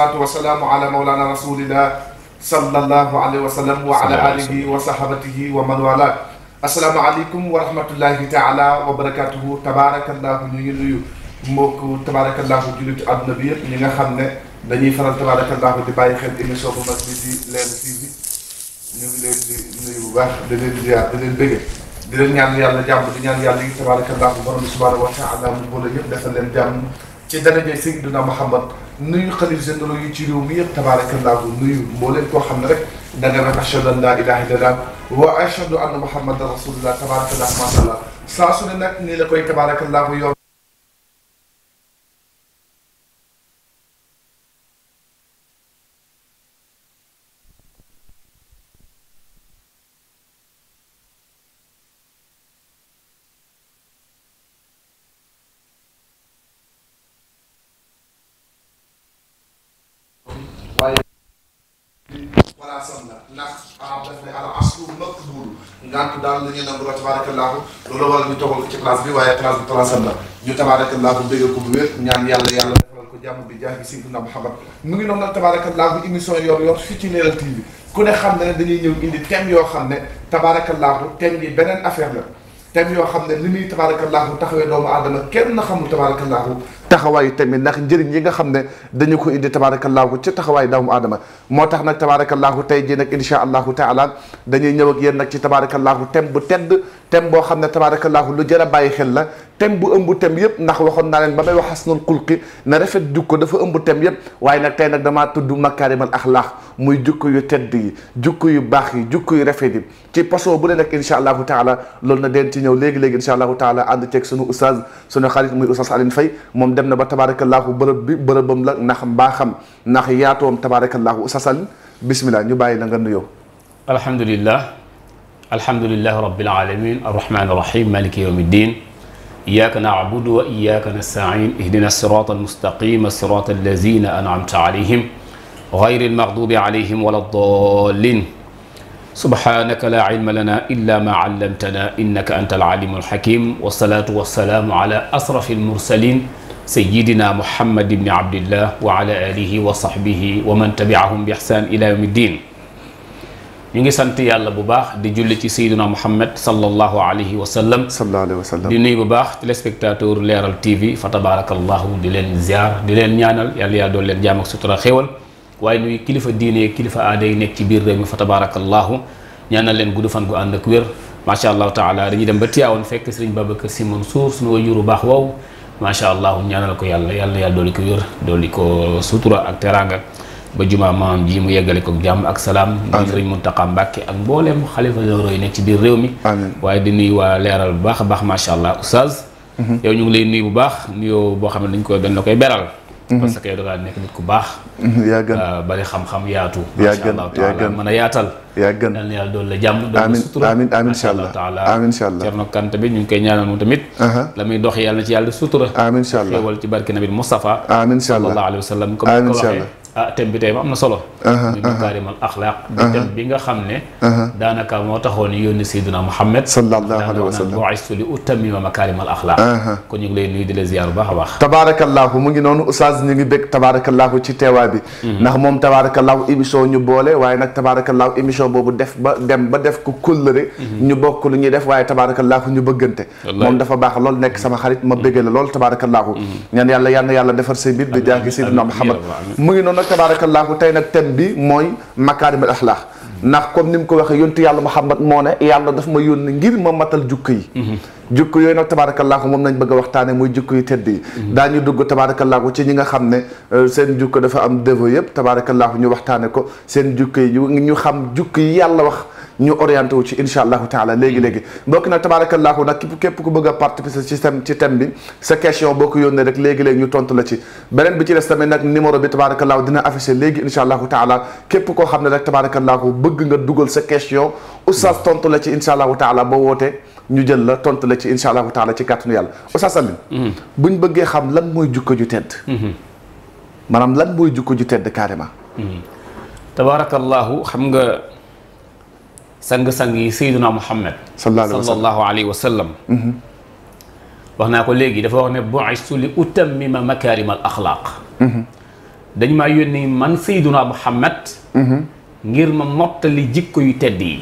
salaatu wa salaamu ala mawlana rasulillah sallallahu alayhi wa sallam wa ala alihi wa sahabatihi wa man wala assalaamu aleykum wa rahmatullahi taala wa barakatuhu tabarakallahu ñu ngi nuyu mbokk tabarakallahu jullitu àdduna bi yëpp ñi nga xam ne dañuy faral tabarakallahu di bàyyi xel émission bu mag bi di Leral TV ñu ngi leen di nuyu bu baax di leen ziar di leen bëgge di leen ñaan yàlla jàmm di ñaan yàlla yi tabarakallahu borom bi subhanahu wa taala mu boole ñëpp defal leen jàmm ci daraja Seydina Muhammad nuyu xalif généraux yi ci réew mi yëpp tabaarakallaahu nuyu moo leen koo xam ne rek da nga naan ashhadu an laa ilaaha illallaah wa ashhadu anna Muhammadan rasuulullaah tabaarakallaahu maashaa allaa saa su ne nag nii la koy tabaarakallaahu yor ñu nangu la tabaarakallaahu loolu waral ñu toogal ko ci place la ñu tabaarakallaahu bëgg ko bu wér ñaan yàlla yàlla ko jàmm bi jaax gi Seydina Muhammad mu ngi noonu nag tabaarakallaahu émission yor yor yoo xam ne tabaarakallaahu thème yi beneen affaire la thème yoo xam ne li muy tabaarakallaahu taxawee doomu aadama kenn na xamul tabaarakallaahu taxawaay tamit ndax njëriñ yi nga xam ne dañu ko indi tabaarakallaahu ci taxawaay doomu aadama moo tax nag tabaarakallaahu tey jii nag insha allahu taala dañuy ñëw ak yéen nag ci tabaarakallaahu thème bu tedd thème boo xam ne tabaarakallaahu lu jar a bàyyi xel la thème bu ëmb thème yëpp ndax waxoon naa leen ba may wax xasnul xulqi na rafet jukko dafa ëmb thème yëpp waaye nag tey nag damaa tudd makaarimal axlaax muy jukko yu tedd yi jukko yu baax yi jukko yu rafet yi ci façon bu ne nag insha allahu taala loolu na den ci ñëw léegi-léegi insha allahu taala ànd ceeg sunu oustaz sunu xarit muy oustaz Alioune Faye moom dem na ba tabaarakallaahu bërëb bi bërëbam la ndax mbaaxam ndax yaatoom tabaarakallaahu sasal bismillah ñu bàyyi la nga nuyoo alhamdulillah alhamdulillahi rabbil alamin arrahmani arrahim maliki yawmi ddin iyyaka na'budu wa iyyaka nasta'in ihdina as-sirata al-mustaqima as-sirata allazina an'amta alayhim غير المغضوب عليهم ولا الضالين سبحانك لا علم لنا إلا ما علمتنا إنك أنت العليم الحكيم والصلاة والسلام على أسرف المرسلين sayidina muhammad ibni abdillah wa ala alihi wa sahbihi wa man tabiahum bi ihsan ila yawmi din ñu ngi sant yàlla bu baax di julli ci sayidina muhammad sallallahu alayhi wa sallam sallallahu alayhi wa sallam di nuyu bu baax téléspectateur leeral tv fa tabarakallahu di leen ziar di leen ñaanal yàlla yàlla doon leen jaam ak sutura xéewal waaye nuyu kilifa diine kilifa aada yi nekk ci biir réew mi fa tabarakallahu ñaanal leen gudd fan gu ànd ak wér macha allah taala dañuy dem ba Tiwaawan fekk sëriñ Babacar Sy Mansour suñu wajuru baax wow macha allah ñaanal ko yàlla yàlla yàlla dooli ko wér dooli ko sutura ak teraanga ba jumaa maam ji mu yeggale ko jàmm ak salaam di sëriñ Muntaxa Mbàkke ak mbooleem xalifa yi nekk ci biir réew mi waaye di nuy waa leeral bu baax a baax macha allah oustaz mhm. yow ñu ngi lay nuyu bu baax nuyoo boo xam ne dañ koy dañ koy beral Mm-hmm. parce que yow da ngaa nekk nit ku baax. Mm-hmm. yaa gën euh, bari xam-xam yaatu. yaa gën yaa gën mën a yaatal. yaa gën yal la jàmm. amiin amiin amiin incha ñu ngi koy ñaanal moom tamit. Uh-huh. la muy dox yàlla na ci yàlla sutura. amiin incha allah xéewal ci barke nabi Mustafa. amiin incha allah sallallahu alayhi wa allah ah thème bi tey am na solo. ñu makaarimal axlaaq. di thème bi nga xam ne. daanaka moo taxoon yónni Seydina Muhammad. sallallahu alayhi wa sallam bu'istu li utammima makaarimal ñu ngi lay nuyu di la ziar bu baax a baax. tabaarakallaahu mu ngi noonu Oustaz ñu ngi bég tabaarakallaahu ci teewaay bi. Mhm. ndax moom tabaarakallaahu émission ñu boole waaye nag tabaarakallaahu émission boobu def ba dem ba def ko kóllëre. Mhm. ñu bokk lu ñuy def waaye tabaarakallaahu ñu bëggante. moom dafa baax lool nekk sama xarit ma mhm. bëggee la lool tabaarakallaahu. ñaan yàlla yàlla yàlla defar say mbir bi jaaxle Seydina Muhammad mu ngi noonu nag tabaarakallaahu tey nag thème bi mooy makaarimal axlaax ndax comme ni mu ko waxee yontu yàlla ma xam mat moo ne yàlla daf ma yónni ngir ma matal jukk yi mhm. jukk yooyu nag tabaarakallaahu moom lañ bëgg a waxtaane muy jukko yu tedd yi mhm. daañu dugg tabaarakallaahu ci ñi nga xam ne euh, seen jukko dafa am dévo yëpp tabaarakallaahu ñu waxtaane ko seen jukko yi ñu xam jukk yi yàlla wax ñu orienté wu ci incha allahu taala léegi-léegi mbokk nag tabarakallahu nag képp ku bëgg a participer ci thème bi sa question boo ko yónnee rek léegi-léegi ñu tontu la ci beneen bi ci des tamit nag numéro bi tabarakallahu dina affiché léegi incha allahu taala képp koo xam ne rek tabarakallahu bëgg nga dugal sa question oustaz tontu la ci incha allahu taala boo wootee ñu jël la tontu la ci incha allahu taala ci kàttanu yàlla oustaz Alioune hmm. buñ bëggee xam lan sang-sang yi sayduna muhammad sallallahu alayhi wa sallam mm-hmm. wax naa ko léegi dafa wax ne bu'istu li utammima makarim al axlaaq mm-hmm. dañ maa yónni man sayduna muhammad mm-hmm. ngir ma mottali jikko yu tedd yi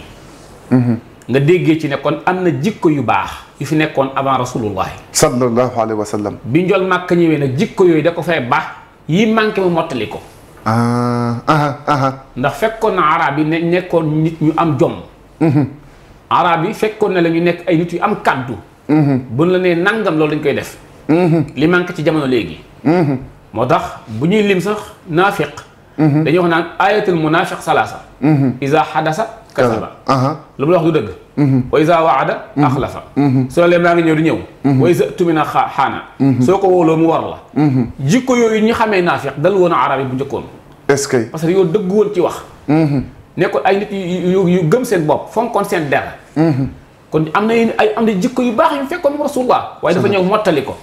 nga déggee ci ne am na jikko yu baax yu fi nekkoon avant rasulullahi sallallahu alayhi wa sallam bi njol màkk ñëwee nag jikko yooyu da ko fay baax yi manqué mu mottali ko Ah, ah, ah, ndax fekkoon na arab yi ne nekkoon nit ñu am jom. Mhm. arab yi fekkoon na lañuy nekk ay nit yu am kàddu. Mhm. bu ñu la nee nangam loolu dañ koy def. Mhm. li manqué ci jamono léegi. moo tax bu ñuy lim sax naafiq. dañoo wax naan ayatul munaafiq salaasa. iza xadasa. lu mu la wax du dëgg mhm. wa isa waada mhm. axlafa mhm. su la lee maa ngi ñëw di ñëw wa isa tumina xaana soo ko wóoloo mu war la jikko yooyu ñu xamee naafiq dal woon a arab yi bu njëkkoon est-ce que parce que yow dëgg woon ci wax nekkoon ay nit yu gëm seen bopp fonkoon seen der kon am na ay am na jikko yu baax yu fekkoon mu rasulullah waaye dafa ñëw mottali ko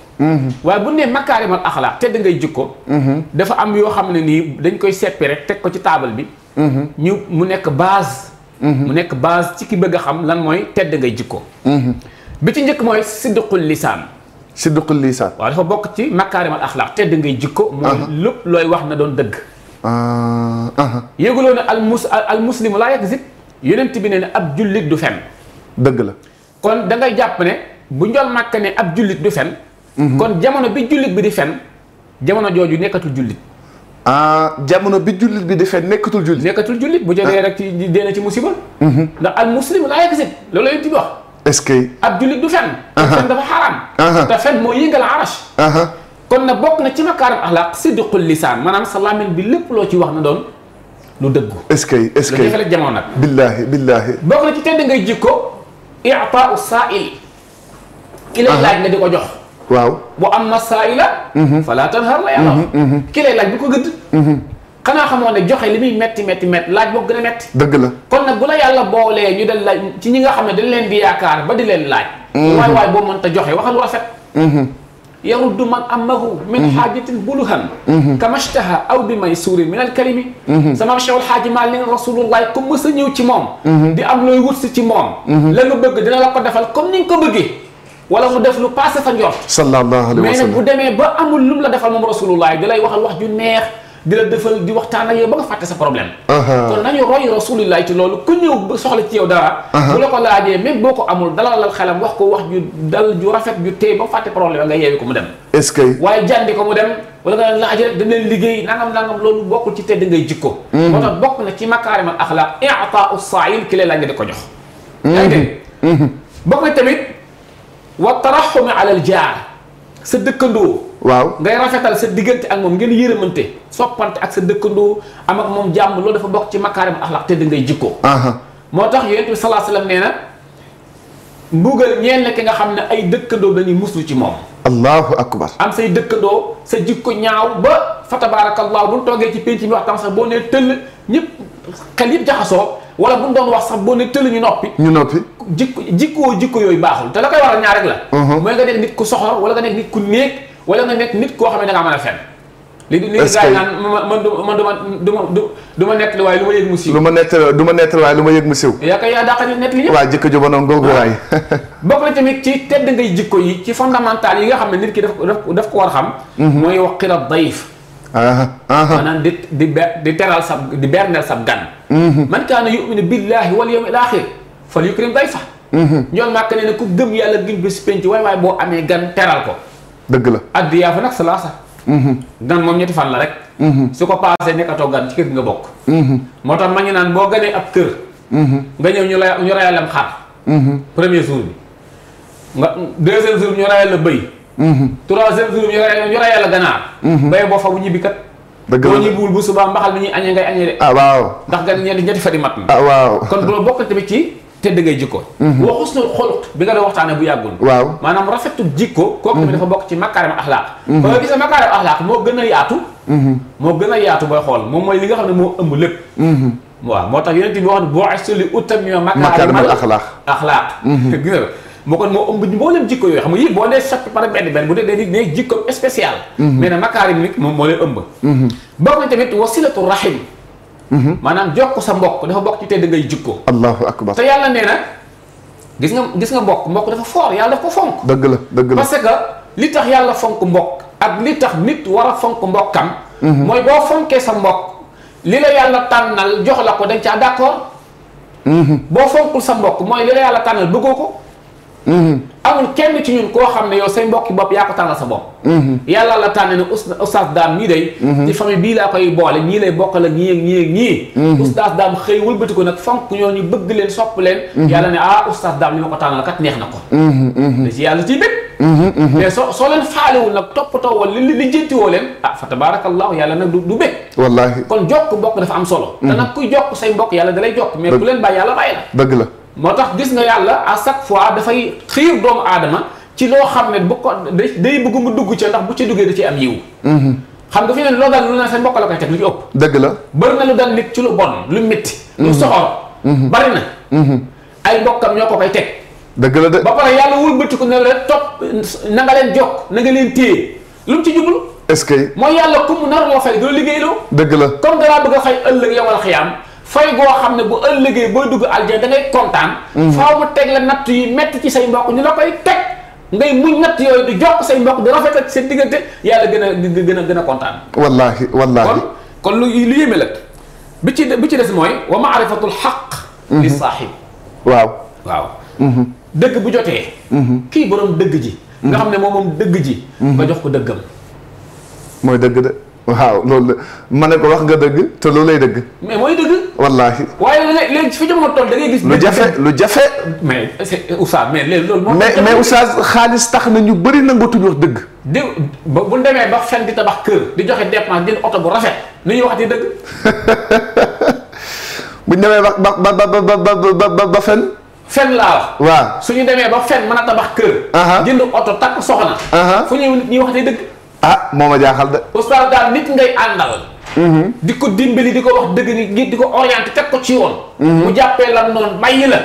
waaye bu ne makaarimal axlaaq tedd ngay jikko dafa am yoo xam ne nii dañ koy seppi rek teg ko ci taabal bi ñu mu nekk base ci ki bëgg a xam lan mooy tedd ngay jikko bi ci njëkk mooy siddiqul lisaan siddiqul lisaan waa dafa bokk ci makaarimal axlaaq tedd ngay jikko mooy lépp looy wax na doon dëgg ah, yëguloo ne al mus al muslimu laa yakzib yonent bi ne ne ab jullit du fen dëgg la kon da ngay jàpp ne bu njool màkk ne ab jullit du fen mhm. kon jamono bi jullit bi di fen jamono jooju nekkatul jullit Ah, jamono bi jullit bi defee nekkatul jullit. nekkatul jullit bu jógee ah. rek ci dee na ci musiba. Mhm. ndax al muslim laa yakzib loolu yëpp di wax. est-ce que. ab jullit du fen. fen dafa xaraam. te fen moo yëngal arash. kon nag bokk na ci makaarim axlaaq sidqul lisaan maanaam sa làmmiñ bi lépp loo ci wax na doon lu dëggu. est-ce que est-ce que lu jafe la jamono nag. billaahi billaahi. i na ci tedd ngay jikko. i'taa'u saa'il. ki lay laaj nga di ko jox. waaw bu am masaila mhm. fala tanharna yàlla mhm, mhm. ki lay laaj bu ko gëdd xanaa xamoo ne joxe li met metti laaj boo gën a metti dëgg la kon nag bu la yàlla boolee ñu dal laaj ci ñi nga xam ne dañ leen di yaakaar ba di leen laaj waay waay boo mën ta joxe waxal rafet yaruddu man amahu min xaajatin buluhan kamashtaha aw bi maysuurin min alkalimi sama cheikh alxaaji maalin rasulullahi ku mës a ñëw ci moom di am looy wut si ci moom la nga bëgg dina la ko defal comme ni nga ko bëggee wala mu def wa sallam mais nag bu demee ba amul lum la defal moom rasulullah di lay waxal wax ju neex di la defal di waxtaan ak yow ba nga fàtte sa problème. kon nañu roy rasulullah ci loolu ku soxla ci yow dara. bu la ko laajee même boo ko amul la xelam wax ko wax ju dal ju rafet ju tey ba fàtte problème nga yeewi ko mu dem. est-ce que. waaye jàndi ko mu dem wala nga laaj rek dañ leen liggéey nangam nangam loolu bokkul ci tedd ngay jikko. Hmm. moo tax bokk na ci makaarimal axlaaq i'taa'u saa'il ki lay laaj ko jox. Hmm. Hmm. bokk na tamit wa taraxumi alal jaar sa dëkkandoo. waaw ngay rafetal sa diggante ak moom ngeen yërëmante soppante ak sa dëkkandoo am moom jàmm dafa bokk ci makaarim axlaq te di ngay jikko. moo tax yonent bi salaa salaam nee na mbugal ñeen ki nga xam ne ay dëkkandoo dañuy muslu ci moom. allahu akbar am say dëkkandoo sa jikko ñaaw ba fa tabaarakallahu bu toogee ci penc mi waxtaan sax boo nee tëll ñëpp xel yëpp jaxasoo. wala bu ñu doon wax sax boo ne tëli ñu noppi. ñu noppi jikko jikkoo jikko yooyu baaxul te la koy waral ñaar rek la. Uh-huh. mooy nga nekk nit ku soxla wala nga nekk nit ku néeg wala nga nekk nit koo xam ne da ngaa mën a fen. li li gars man ma du du ma nettali waaye lu ma yëg mu siiw. lu ma nettali du ma nettali waaye lu ma yëg mu siiw. yaa koy yaa daa ko nettali ñëpp. waaw jikko ju ba noonu googu waay. bokk na ngay jikko yi ci fondamental yi nga xam ne nit ki daf daf ko war xam. Mm-hmm. mooy waqira dayif maanaam di di di teral sab di berneel sab gan mhm. man kaana yuminu billaahi wal yawmil aaxir fal yukrim dayfa mhm. ñoom màkk ne ne ku gëm yàlla gën bés penc waay waay boo amee gan teral ko dëgg la addiyaa fa nag salaasa mhm. gan moom ñetti fan la rek su ko paasee nekkatoo gan ci kër nga bokk moo tax ma ngi naan boo ganee ab kër nga ñëw ñu la ñu rayal am xar premier jour bi nga deuxième jour bi ñu rayal la bëy troisième jour ñu rey ñu yàlla la ganaar mhm. bay boo fa bu ñibbi kat dëgg la boo ñibbiwul bu subaa mbaxal mi ñuy añee ngay añee de ah waaw ndax nga ñeenti ñetti fari mat na ah waaw kon loolu bokk tamit ci tedd ngay jikko mhm. wa xusnul xuluq bi nga doon waxtaanee bu yàggul waaw maanaam rafetu jikko kooku tamit mhm. dafa bokk ci makaarim axlaaq ba nga gis ne makaarim moo gën a yaatu moo gën a yaatu booy xool moom mooy li nga xam ne moo ëmb lépp waaw moo tax yonent bi wax ne boo ay soli utam ñoo makaarimal axlaaq axlaaq moo kon moo ëmb mboolem jikko yooyu xam nga yii boo dee chaque par benn benn bu dee dañuy nekk jikko spécial mhm. mais na makaarim nit moom moo leen ëmb mhm. bokk na tamit wasilatu rahim mhm. maanaam jokk sa mbokk dafa bokk ci tedd ngay jikko allahu akbar te yàlla nee na gis nga gis nga mbokk mbokk dafa foor yàlla dafa ko fonk dëgg la dëgg la parce que li tax yàlla fonk mbokk ak li tax nit war a fonk mbokkam mooy boo fonkee sa mbokk li la yàlla tànnal jox la ko dañ caa d'accord boo fonkul sa mbokk mooy li la yàlla tànnal bëggoo ko Mm-hmm. amul kenn ci ñun koo xam ne yow say mbokki bopp yaa ko tànnal sa bopp mm-hmm. yàlla la tànn ne oustaz daam mii day mm-hmm. ci famille bii laa koy boole ñii lay bokkal ak ñii ak ñii ak ñii oustaz daam xëy wëlbati ko nag fonk ñoo ñu bëgg leen sopp leen yàlla ne ah oustaz daam li ma kat neex na ko yàlla ciy mais soo soo leen faalewul nag toppatoo woon li li jëntiwoo leen ah fa tabarakallahu yàlla nag du du bëgg wallaahi kon jokk mbokk dafa am solo te jokk say mbokk yàlla dalay jokk mais bu leen bàyyi yàlla la dëgg la moo tax gis nga yàlla à chaque fois dafay xiir doomu aadama ci loo xam ne bu ko day bëgg mu dugg ca ndax bu ci duggee da ci am yiw mm-hmm. xam nga fi ne loo dal lu ne sa mbokk la koy teg lu ci ëpp dëgg la bëri na lu dal nit ci lu bon lu métti lu mm-hmm. soxor mm-hmm. bari na ay mbokkam ñoo ko koy teg dëgg la de ba pare yàlla wëlbati ko ne la topp na nga leen jokk na nga leen téye lu mu ci jublu est-ce que mooy yàlla ku mu nar loo fay doo liggéey loo dëgg la comme danaa bëgg a fay ëllëg yow al xiyaam fay goo xam ne bu ëllëgee booy dugg aljana da kontaan. Mm. faaw mu teg la natt yi metti ci say mbokk ñu la koy teg ngay muñ natt yooyu di jokk say mbokk di rafet ak seen diggante yàlla gën a gën a gën a kontaan. wallaahi wallaahi kon kon lu lu yéeme la bi ci bi ci des mooy wa maarifatul xaq. Mm-hmm. li saaxib. waaw waaw. Mm-hmm. dëgg bu jotee. Mm-hmm. kii borom dëgg ji. nga xam ne moom moom dëgg ji. nga jox ko dëggam. mooy dëgg de. waaw loolu la ma ne ko wax nga dëgg te loolu lay dëgg. mais mooy dëgg. wallaahi. waaye léegi fi jamono toll da ngay gis. lu jafe lu jafe. mais c'est Oustaz mais léegi loolu. mais mais Oustaz xaalis tax na ñu bëri nangatuñu wax dëgg. di ba bu demee ba fen di tabax kër. di joxe dépense jënd oto bu rafet. ni ñuy waxati dëgg. bu ñu demee ba ba ba ba ba ba fen. fen laa wax. waaw su ñu demee ba fen mën a tabax kër. jënd oto takk soxna. fu ñuy ñuy waxati dëgg. ah moo ma jaaxal de. oustaz daal nit ngay àndal. Mhm. di ko dimbali di ko wax dëgg ni di ko orienté teg ko ci woon. Mhm. mu jàppee lan noonu bàyyi la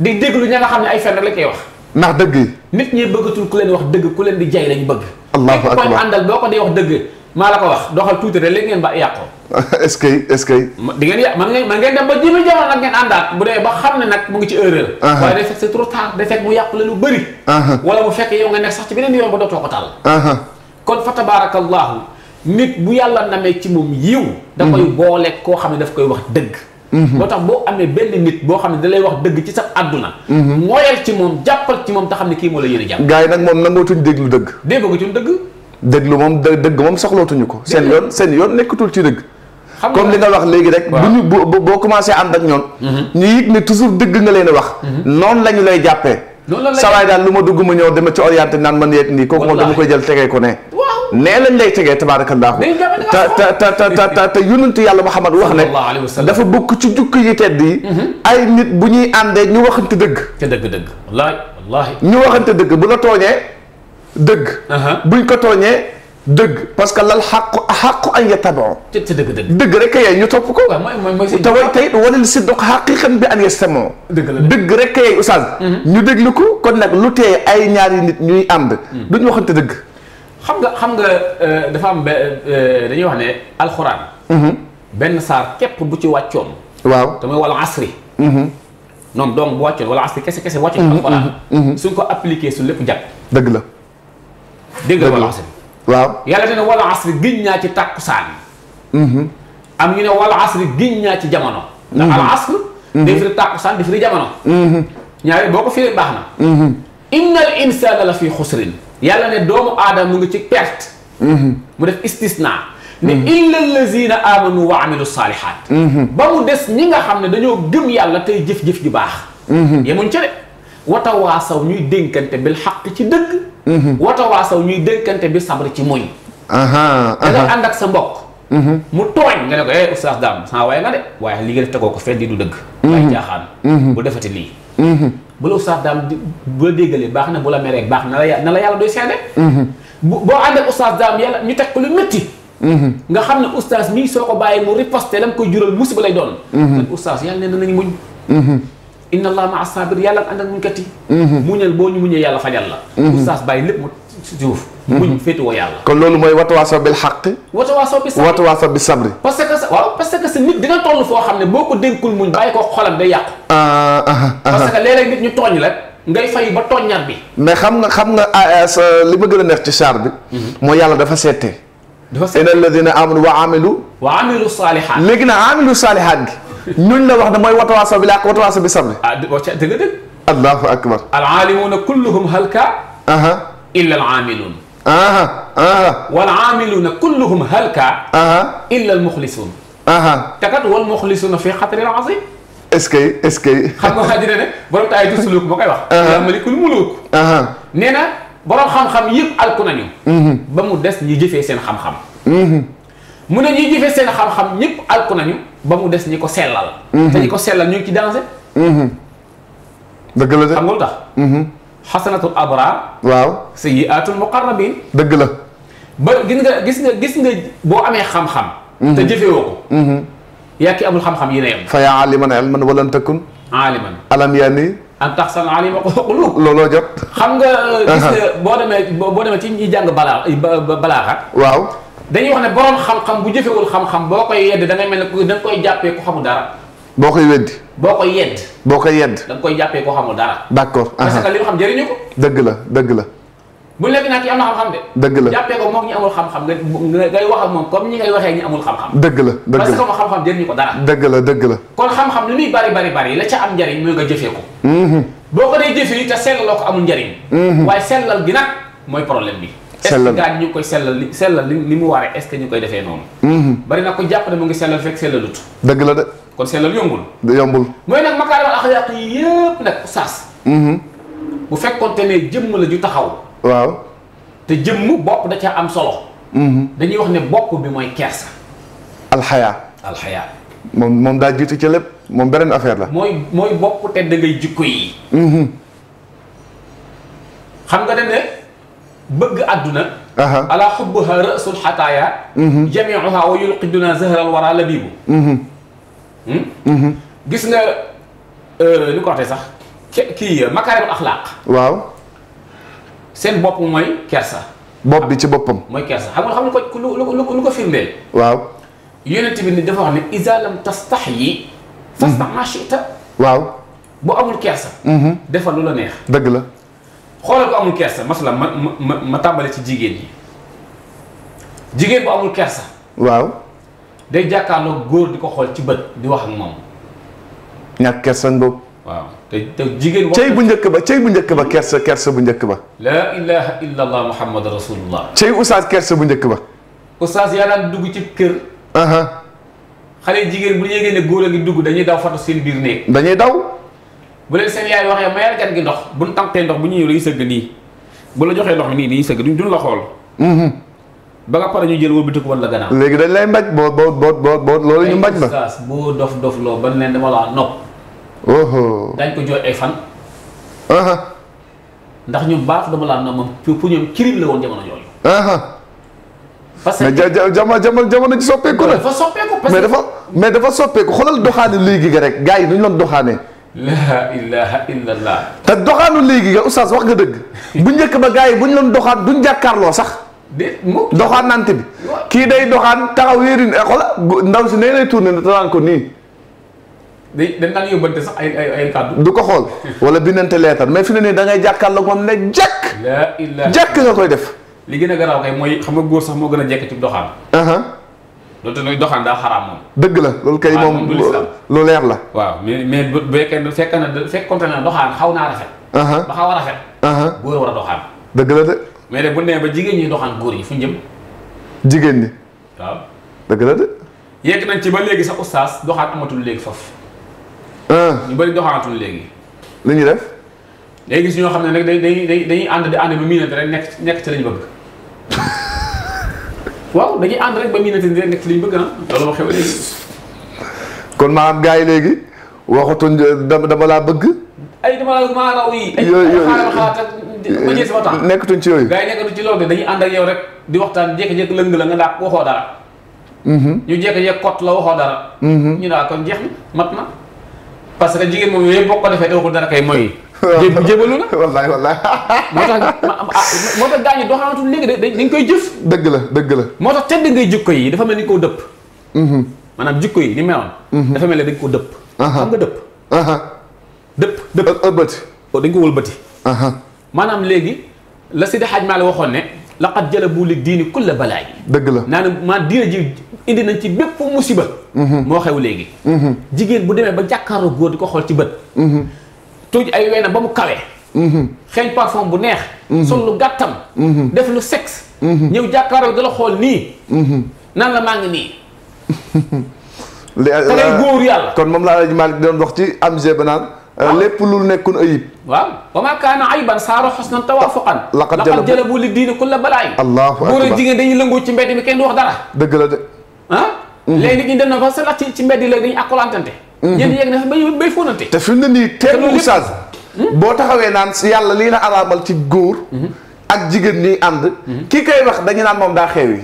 di déglu ña nga xam ne ay fen rek la koy wax. ndax dëgg yi. nit ñi bëggatul ku leen wax dëgg ku leen di jay lañu bëgg. allahu akbar koy àndal boo ko dëgg maa la ko wax doxal tuuti rek léegi ngeen ba yàqoo. est ce que est ce que. di ngeen yà man ngeen man ngeen dem dee ba xam ne nag mu ngi ci erreur. waaye day fekk c'est trop tard la lu bëri. wala mu fekk yow nga nekk sax ci beneen yoon ba dootoo ko tàll. kon fa tabaarakallaahu nit bu yàlla namee ci moom yiw da mm-hmm. boo lekk koo xam ne daf koy wax dëgg mm-hmm. moo tax boo amee benn nit boo xam ne da wax dëgg ci sax àdduna mm-hmm. mooyal ci moom jàppal ci moom te xam ne kii moo la yéen a jàpp yi nag moom nangootuñ déglu dëgg déggoo ci dëgg déglu moom dëgg moom soxlootuñu ko seen yoon seen yoon nekkatul ci dëgg comme li nga wax léegi rek bu ñu bu boo commencé ànd ak ñoom ñu yëg ne toujours dëgg nga leen wax noonu la lay jàppee sawaay daal lu ma dugg ma ñëw dama ci orienté naan man yeet nii kooku moom dama koy jël tegee ko ne nee lañ lay tegee tabaarakallaahu te te te te te yonentu yàlla Muhammad wax ne dafa bokk ci jukk yi tedd mhm. ay nit bu ñuy àndee ñu wax dëgg te dëgg dëgg wallaahi wallaahi ñu waxante dëgg bu la tooñee dëgg buñ ko tooñee dëgg parce que lal xàqu xàqu an yataboo te dëgg dëgg dëgg rek yey ñu topp ko te way tayit walil siddoq xaqiqan an yastamoo dëgg rek yey oustaz mhm. ñu déglu ko kon nag lu tee ay ñaari nit ñuy ànd mhm. duñ waxante dëgg xam nga xam nga euh, dafa am euh, dañuy wax ne alxuraan. Mhm. benn saar képp bu ci wàccoon. waaw te mooy wala asri. Mhm. noonu donc bu wàccoon wala asri kese kese wàccoon. Mhm, alxuraan suñ ko appliqué lépp jàpp. dëgg la. dëgg la wala asri. waaw yàlla dina wal asri giñ ñaa ci tàkkusaan. am ngi ne wala asri giñ ñaa ci jamono. ndax al asr. daf di tàkkusaan daf di jamono. ñaari boo ko firee baax na. innal insaana la fi xusrin. yàlla ne doomu aadama mu ngi ci perte. Mm-hmm. mu def istisna ne mm-hmm. illa allazina amanu wa amilu salihat mm-hmm. ba mu des ñi nga xam ne dañoo gëm yàlla tey jëf-jëf ji baax yemuñ ca de watawaasaw ñuy dénkante bil xaq ci dëgg watawaasaw ñuy dénkante bi sabr ci muñ da nga ak sa mbokk mu tooñ nga ne ko eh oustaz Dame saa waaye nga de waaye li nga def tegoo ko fenn di du dëgg waaye jaaxaan bu defati lii bu la oustaz daam bu la déggalee baax na bu la meree baax na la na la yàlla doy seede mhm. boo ànd ak daam ñu teg ko lu métti mhm. nga xam ne oustaz mii soo ko bàyyi mu riposté lam koy jural musiba lay doon mhm. kon oustaz yàlla nee na nañu muñ inna allah maa sabir yàlla ànd ak muñ kat muñal boo ñu muñee yàlla fajal la oustaz bàyyi lépp mu suuf muñ mhm. féetewoo yàlla. kon loolu mooy watawaasaw bil xaq. watawaasaw bi sabri watawaasaw bi sabri. parce que sa waaw parce que sa nit di nga toll foo xam ne boo ko dénkul muñ bàyyi ko xolam day yàqu. Ah, ah, ah, parce que léeg-léeg nit ñu tooñ la. ngay fay ba tooñaat bi. mais xam nga xam nga li ma gën a neex ci saar bi. Mhm. mooy yàlla dafa seetee. dafa seetee inna alladina amanu wa amilu. wa amilu saalihaat. léegi nag amilu saalihaat gi. ñooñu la wax ne mooy watawaasaw bi la ak watawaasaw bi sabri. ah dëgg dëgg. allahu akbar. al aalimuuna kulluhum halka. illa al aamiluun. wal aamiluuna kulluhum halka illa al muxlisuun te kat wal muxlisuuna fi xatarin azim est-ce que est-ce que xam nga xaajire ne borom taay tu suluk ba koy wax yaa malikul muluk nee na borom xam-xam yëpp alku nañu mm-hmm. ba mu des ñi jëfee seen xam-xam mm-hmm. mu ne ñi jëfee seen xam-xam ñëpp alku nañu ba mu des ñi ko sellal mm-hmm. te ñi ko sellal ñu ngi ci danger dëgg tax xasanatul abraar waaw sayyiatul muqarrabin dëgg la ba gis nga gis nga gis nga boo amee xam-xam mhm. te jëfewoo ko mhm. yàkki amul xam-xam yi na yem fa yaa aliman ilman walan takun aliman alam yaa ni an taxsan alima qulub looloo jot xam nga gis nga boo demee boo demee ci ñi jàng balaa balaaxa waaw dañuy wax ne borom xam-xam bu jëfewul xam-xam boo koy yedd da ngay mel ne da nga koy jàppee ku xamul dara boo koy weddi boo koy yedd. boo koy yedd. da koy jàppee koo xamul dara. d' accord. parce que li mu xam jëriñu dëgg la dëgg la. buñ yi dëgg la jàppee ko moom comme ñi ngay waxee ñi amul xam dëgg la dëgg la parce jëriñu ko dara. dëgg la dëgg la. kon xam-xam li muy bari bari bari la ca am njariñ mooy nga jëfee ko. Mhm. boo ko dee jëfee te sellaloo ko amul njariñ. Mhm. waaye sellal gi mooy problème bi. sellal est ce que ñu koy sellal mu waree est ce que ñu koy defee noonu. Mm-hmm. bari na ko jàpp ne mu ngi sellal fekk sellalut. dëgg la de. kon sellal yombul. yombul mooy nag makaarimal axlaaq yi yëpp nag saas. Mm-hmm. bu fekkonte ne jëmm la ju taxaw. waaw te jëmm bopp da ca am solo. Mm-hmm. dañuy wax ne bopp bi mooy kersa. alxayaa. alxayaa. moom moom daa jiitu ca lépp moom beneen affaire la. mooy mooy bopp te da jikko yi. xam nga dem bëgg àdduna ala xubbaha rësul xataaya mhm. jamiuha wa yulqiduna zahral wara labibu mhm. hmm? mhm. gis nga euh, ni ko waxtee sax kii makaarimul axlaaq waaw seen bopp mooy kersa bopp bi ci boppam mooy kersa xam nga xam nga ko lu lu lu ko firndeel waaw yonent bi ni dafa wax ne iza lam tastaxyi fasta ma chita waaw bu amul kersa defal lu la neex dëgg la xoolal ko amul kersa masala ma ma ma tàmbale ci jigéen ñi jigéen bu amul kersa. waaw. day jàkkaarloo góor di ko xool ci bët di wax ak moom. ñàkk kersa ngoog. waaw te te jigéen. cey bu njëkk ba cey bu njëkk ba kersa kersa bu njëkk ba. la ilaha illallah muhammad rasulullah. cey oustaz kersa bu njëkk ba. oustaz yaa daan dugg ci kër. xale jigéen bu ñu yëgee ne góor a ngi dugg dañuy daw fatu seen biir néeg. dañuy daw. bu leen seen yaay waxee mayal gan gi ndox bu ñu tàmtee ndox bu ñu ñëw lay sëgg nii bu la joxee ndox mi nii nii sëgg duñ duñ la xool. Mm-hmm. ba nga pare ñu jël wóobitu ko wala gannaaw. léegi dañ lay mbaj boo boo boo boo loolu ñu mbaj ba. ay boo dof dof loo ban leen dama laa nopp. oh. dañ ko jooy ay fan. ndax ñoom baax dama laa nopp moom pour ñoom crime la woon jamono jooju. parce que mais ja jamono jamono ji soppeeku la. dafa soppeeku parce que mais dafa mais dafa soppeeku xoolal doxaane léegi rek gars yi duñ doon doxaane. laa ilaha illallah. te doxaanu léegi nga oustaz wax nga dëgg. bu njëkk ba gars yi bu ñu doon doxaan duñ jàkkaarloo sax. de mu bi. kii day doxaan taxaw yéerin ndaw si nee lay tourné ne daan ko nii. day dañ daan yóbbante sax ay ay ay kàddu. du ko xool wala bindante leetar mais fi ne nii da ngay moom ne jàkk. laa ilaha jàkk nga koy def. li gën a garaaw kay mooy xam nga góor sax moo gën a jekk ci doxaan. loolu te nag doxaan daal xaraam moom. dëgg la loolu kay moom lu leer la. waaw mais mais bu fekkee ne fekk na fekkonte doxaan xaw naa rafet. ba xaw a rafet. góor war a doxaan. dëgg la de. mais bu nee ba jigéen ñi doxaan góor yi fu ñu jëm. jigéen ñi. waaw dëgg la de. yegg nañ ci ba léegi sa ustaas doxaan amatul léegi foofu. Ah. ñu bëri doxaanatul léegi. li ñuy def. léegi si ñoo xam ne nag dañuy dañuy ànd di ànd ba miinante rek nekk nekk ci lañ bëgg. waaw dañuy ànd rek ba miinati rek nekk ci li ñu bëgg ah loolu moo xew léegi. kon maanaam gars yi léegi waxatuñ dama laa bëgg. ay dama la maa raw yi. ay xaaral sama temps. nekkatuñ ci yooyu. gars yi nekkatuñ ci loolu de dañuy ànd yow rek di waxtaan jékki-jékki lëng la nga daa waxoo dara. Mm-hmm. ñu jékki-jékki kott la waxoo dara. Mm-hmm. ñu daal ah, kon jeex na mat na parce que jigéen moom yooyu yëpp boo ko defee te waxul dara kay mooy. jéem jéemalu la wallaay wallaay moo tax ah, ah, moo tax gaañu léegi da dañ koy jëf dëgg la dëgg la moo tax tedd ngay jikko yi dafa mel ni koo dëpp mm-hmm. maanaam jikko yi ni meewoon mm-hmm. dafa mel ni dañ ko dëpp uh-huh. xam nga dëpp uh-huh. dëpp dëpp ëlbati oh, dañ ko uh-huh. maanaam léegi la Sidi Hadj Malick waxoon ne laqad jalabu li diini kulla balaay dëgg la naa ne maa diina ji indi nañ ci bépp musiba mm-hmm. moo xew léegi jigéen bu demee ba jàkkaaroo góor di ko xool ci bët tuuj ay weenam ba mu kawe. Mm-hmm. xeeñ parfum bu neex. Mm-hmm. sol lu gàttam. Mm-hmm. def lu sexe. ñëw jàkkaaroo da la xool nii. nan la maa ngi nii. da ngay euh, góor yàlla. kon moom laa la maa ngi doon wax ci am ba naan. Euh, lépp lu nekkun ayib. waaw wa maa kaana ayban saaro xusnan tawaafuqan. laqad jalabu laqad jalabu li diini kulla balaay. allahu akbar góor ak jigéen dañuy lëngoo ci mbedd mi kenn ni wax dara. dëgg la de. ah. léegi nit ñi dem na fa sax ci mbedd la dañuy akkolantante. ñenn yegg na bay bay fóonante. te fi mu ne nii teeku oustaz. Hmm? boo taxawee naan si yàlla lii la araamal ci góor. Hmm? ak jigéen ñiy ànd. Hmm? kii koy wax dañu naan moom daa xeewi.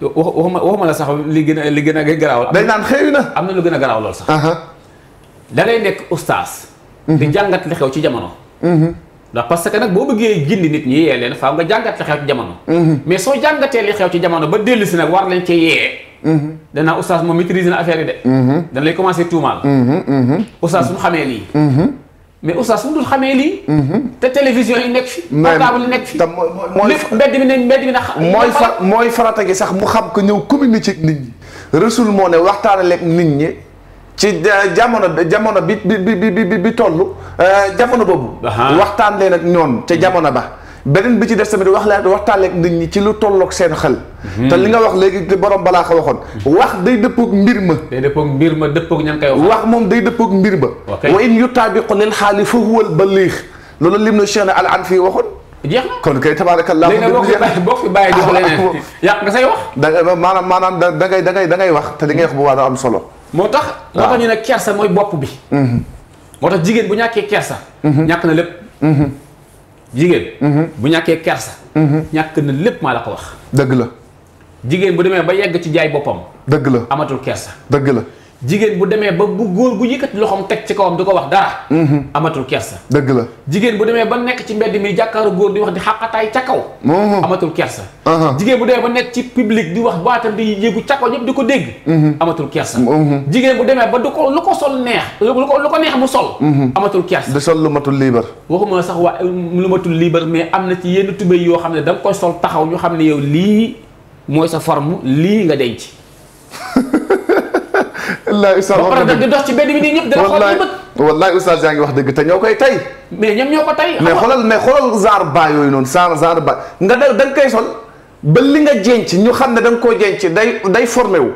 waxuma waxuma la sax li gën a li gën a garaaw la. dañ naan xeewi na am na lu gën a garaaw lool sax. da ngay nekk oustaz. di jàngat li xew ci jamono. ndax parce que nag boo bëggee gindi nit ñi yee leen faaw nga jàngat li xew ci jamono. mais soo jàngatee li xew ci jamono ba dellu si nag war leen ci yee. Mm-hmm. danaa oustaz moom maîtrise na affaire yi de. Mm-hmm. dañ lay commencé tuumaal. Mm-hmm, oustaz su mu xamee lii. mais oustaz su dul xamee lii. te télévision yi nekk fi. portable yi nekk fi. mooy mbedd mi mooy fa mooy farata gi sax mu xam ko ñëw communiquer nit ñi. Rasul moo ne waxtaanale ak nit ñi. ci euh, jamono jamono bi bi bi bi bi toll euh, jamono boobu. waxtaan leen ak ñoon ca jamono ba. beneen bi ci des tamit wax laa waxtaaleeg nit ñi ci lu tolloog seen xel. te li nga wax léegi te borom balaa ko waxoon. wax day dëppoog mbir ma. day dëppoog mbir ma dëppoog ña koy wax. wax moom day dëppoog mbir ma. wa in yutaabiqu lil xaali fa huwal baliix loolu lim na Cheikh al an fii waxoon. jeex na kon kay tabaarakallaa boo fi bàyyi di ko leneen yàq nga say wax da maanaam maanaam da ngay da ngay wax te li ngay wax bu baax da am solo moo tax moo tax ñu ne kersa mooy bopp bi mm-hmm. moo tax jigéen bu ñàkkee kersa mm-hmm. ñàkk na lépp mm-hmm. jigéen. Mhm. bu ñàkkee kersa. Mhm. ñàkk na lépp maa la ko wax. dëgg la. jigéen bu demee ba yegg ci jaay boppam. dëgg la amatul kersa. dëgg la. jigéen bu demee ba bu góor gu yëkkati loxoom teg ci kawam du ko wax dara. Mhm. amatul kersa. dëgg la jigéen bu demee ba nekk ci mbedd mi jàkkaaru góor di wax di xàqataay ca kaw. Mhm. amatul kers jigéen bu demee ba nekk ci public di wax baatam di yéegu ca kaw di ko dégg. Mhm. amatul kersa. jigéen bu demee ba du ko lu ko sol neex. lu ko lu ko neex mu sol. amatul kers di sol lu matul liibar. waxuma sax waa lu matul liibar mais am na ci yenn tubéy yoo xam ne da nga koy sol taxaw ñu xam ne yow lii mooy sa forme lii nga denc. wallaay oustaz wax na dëgg dox ci benn bi nii ñëpp dana xool bët wallaay wax dëgg te ñoo koy tay mais ñoom ñoo ko tay mais xoolal genre ba yooyu noonu genre genre ba nga da nga koy sol ba li nga ci ñu xam ne da nga koo jenc day day formé wu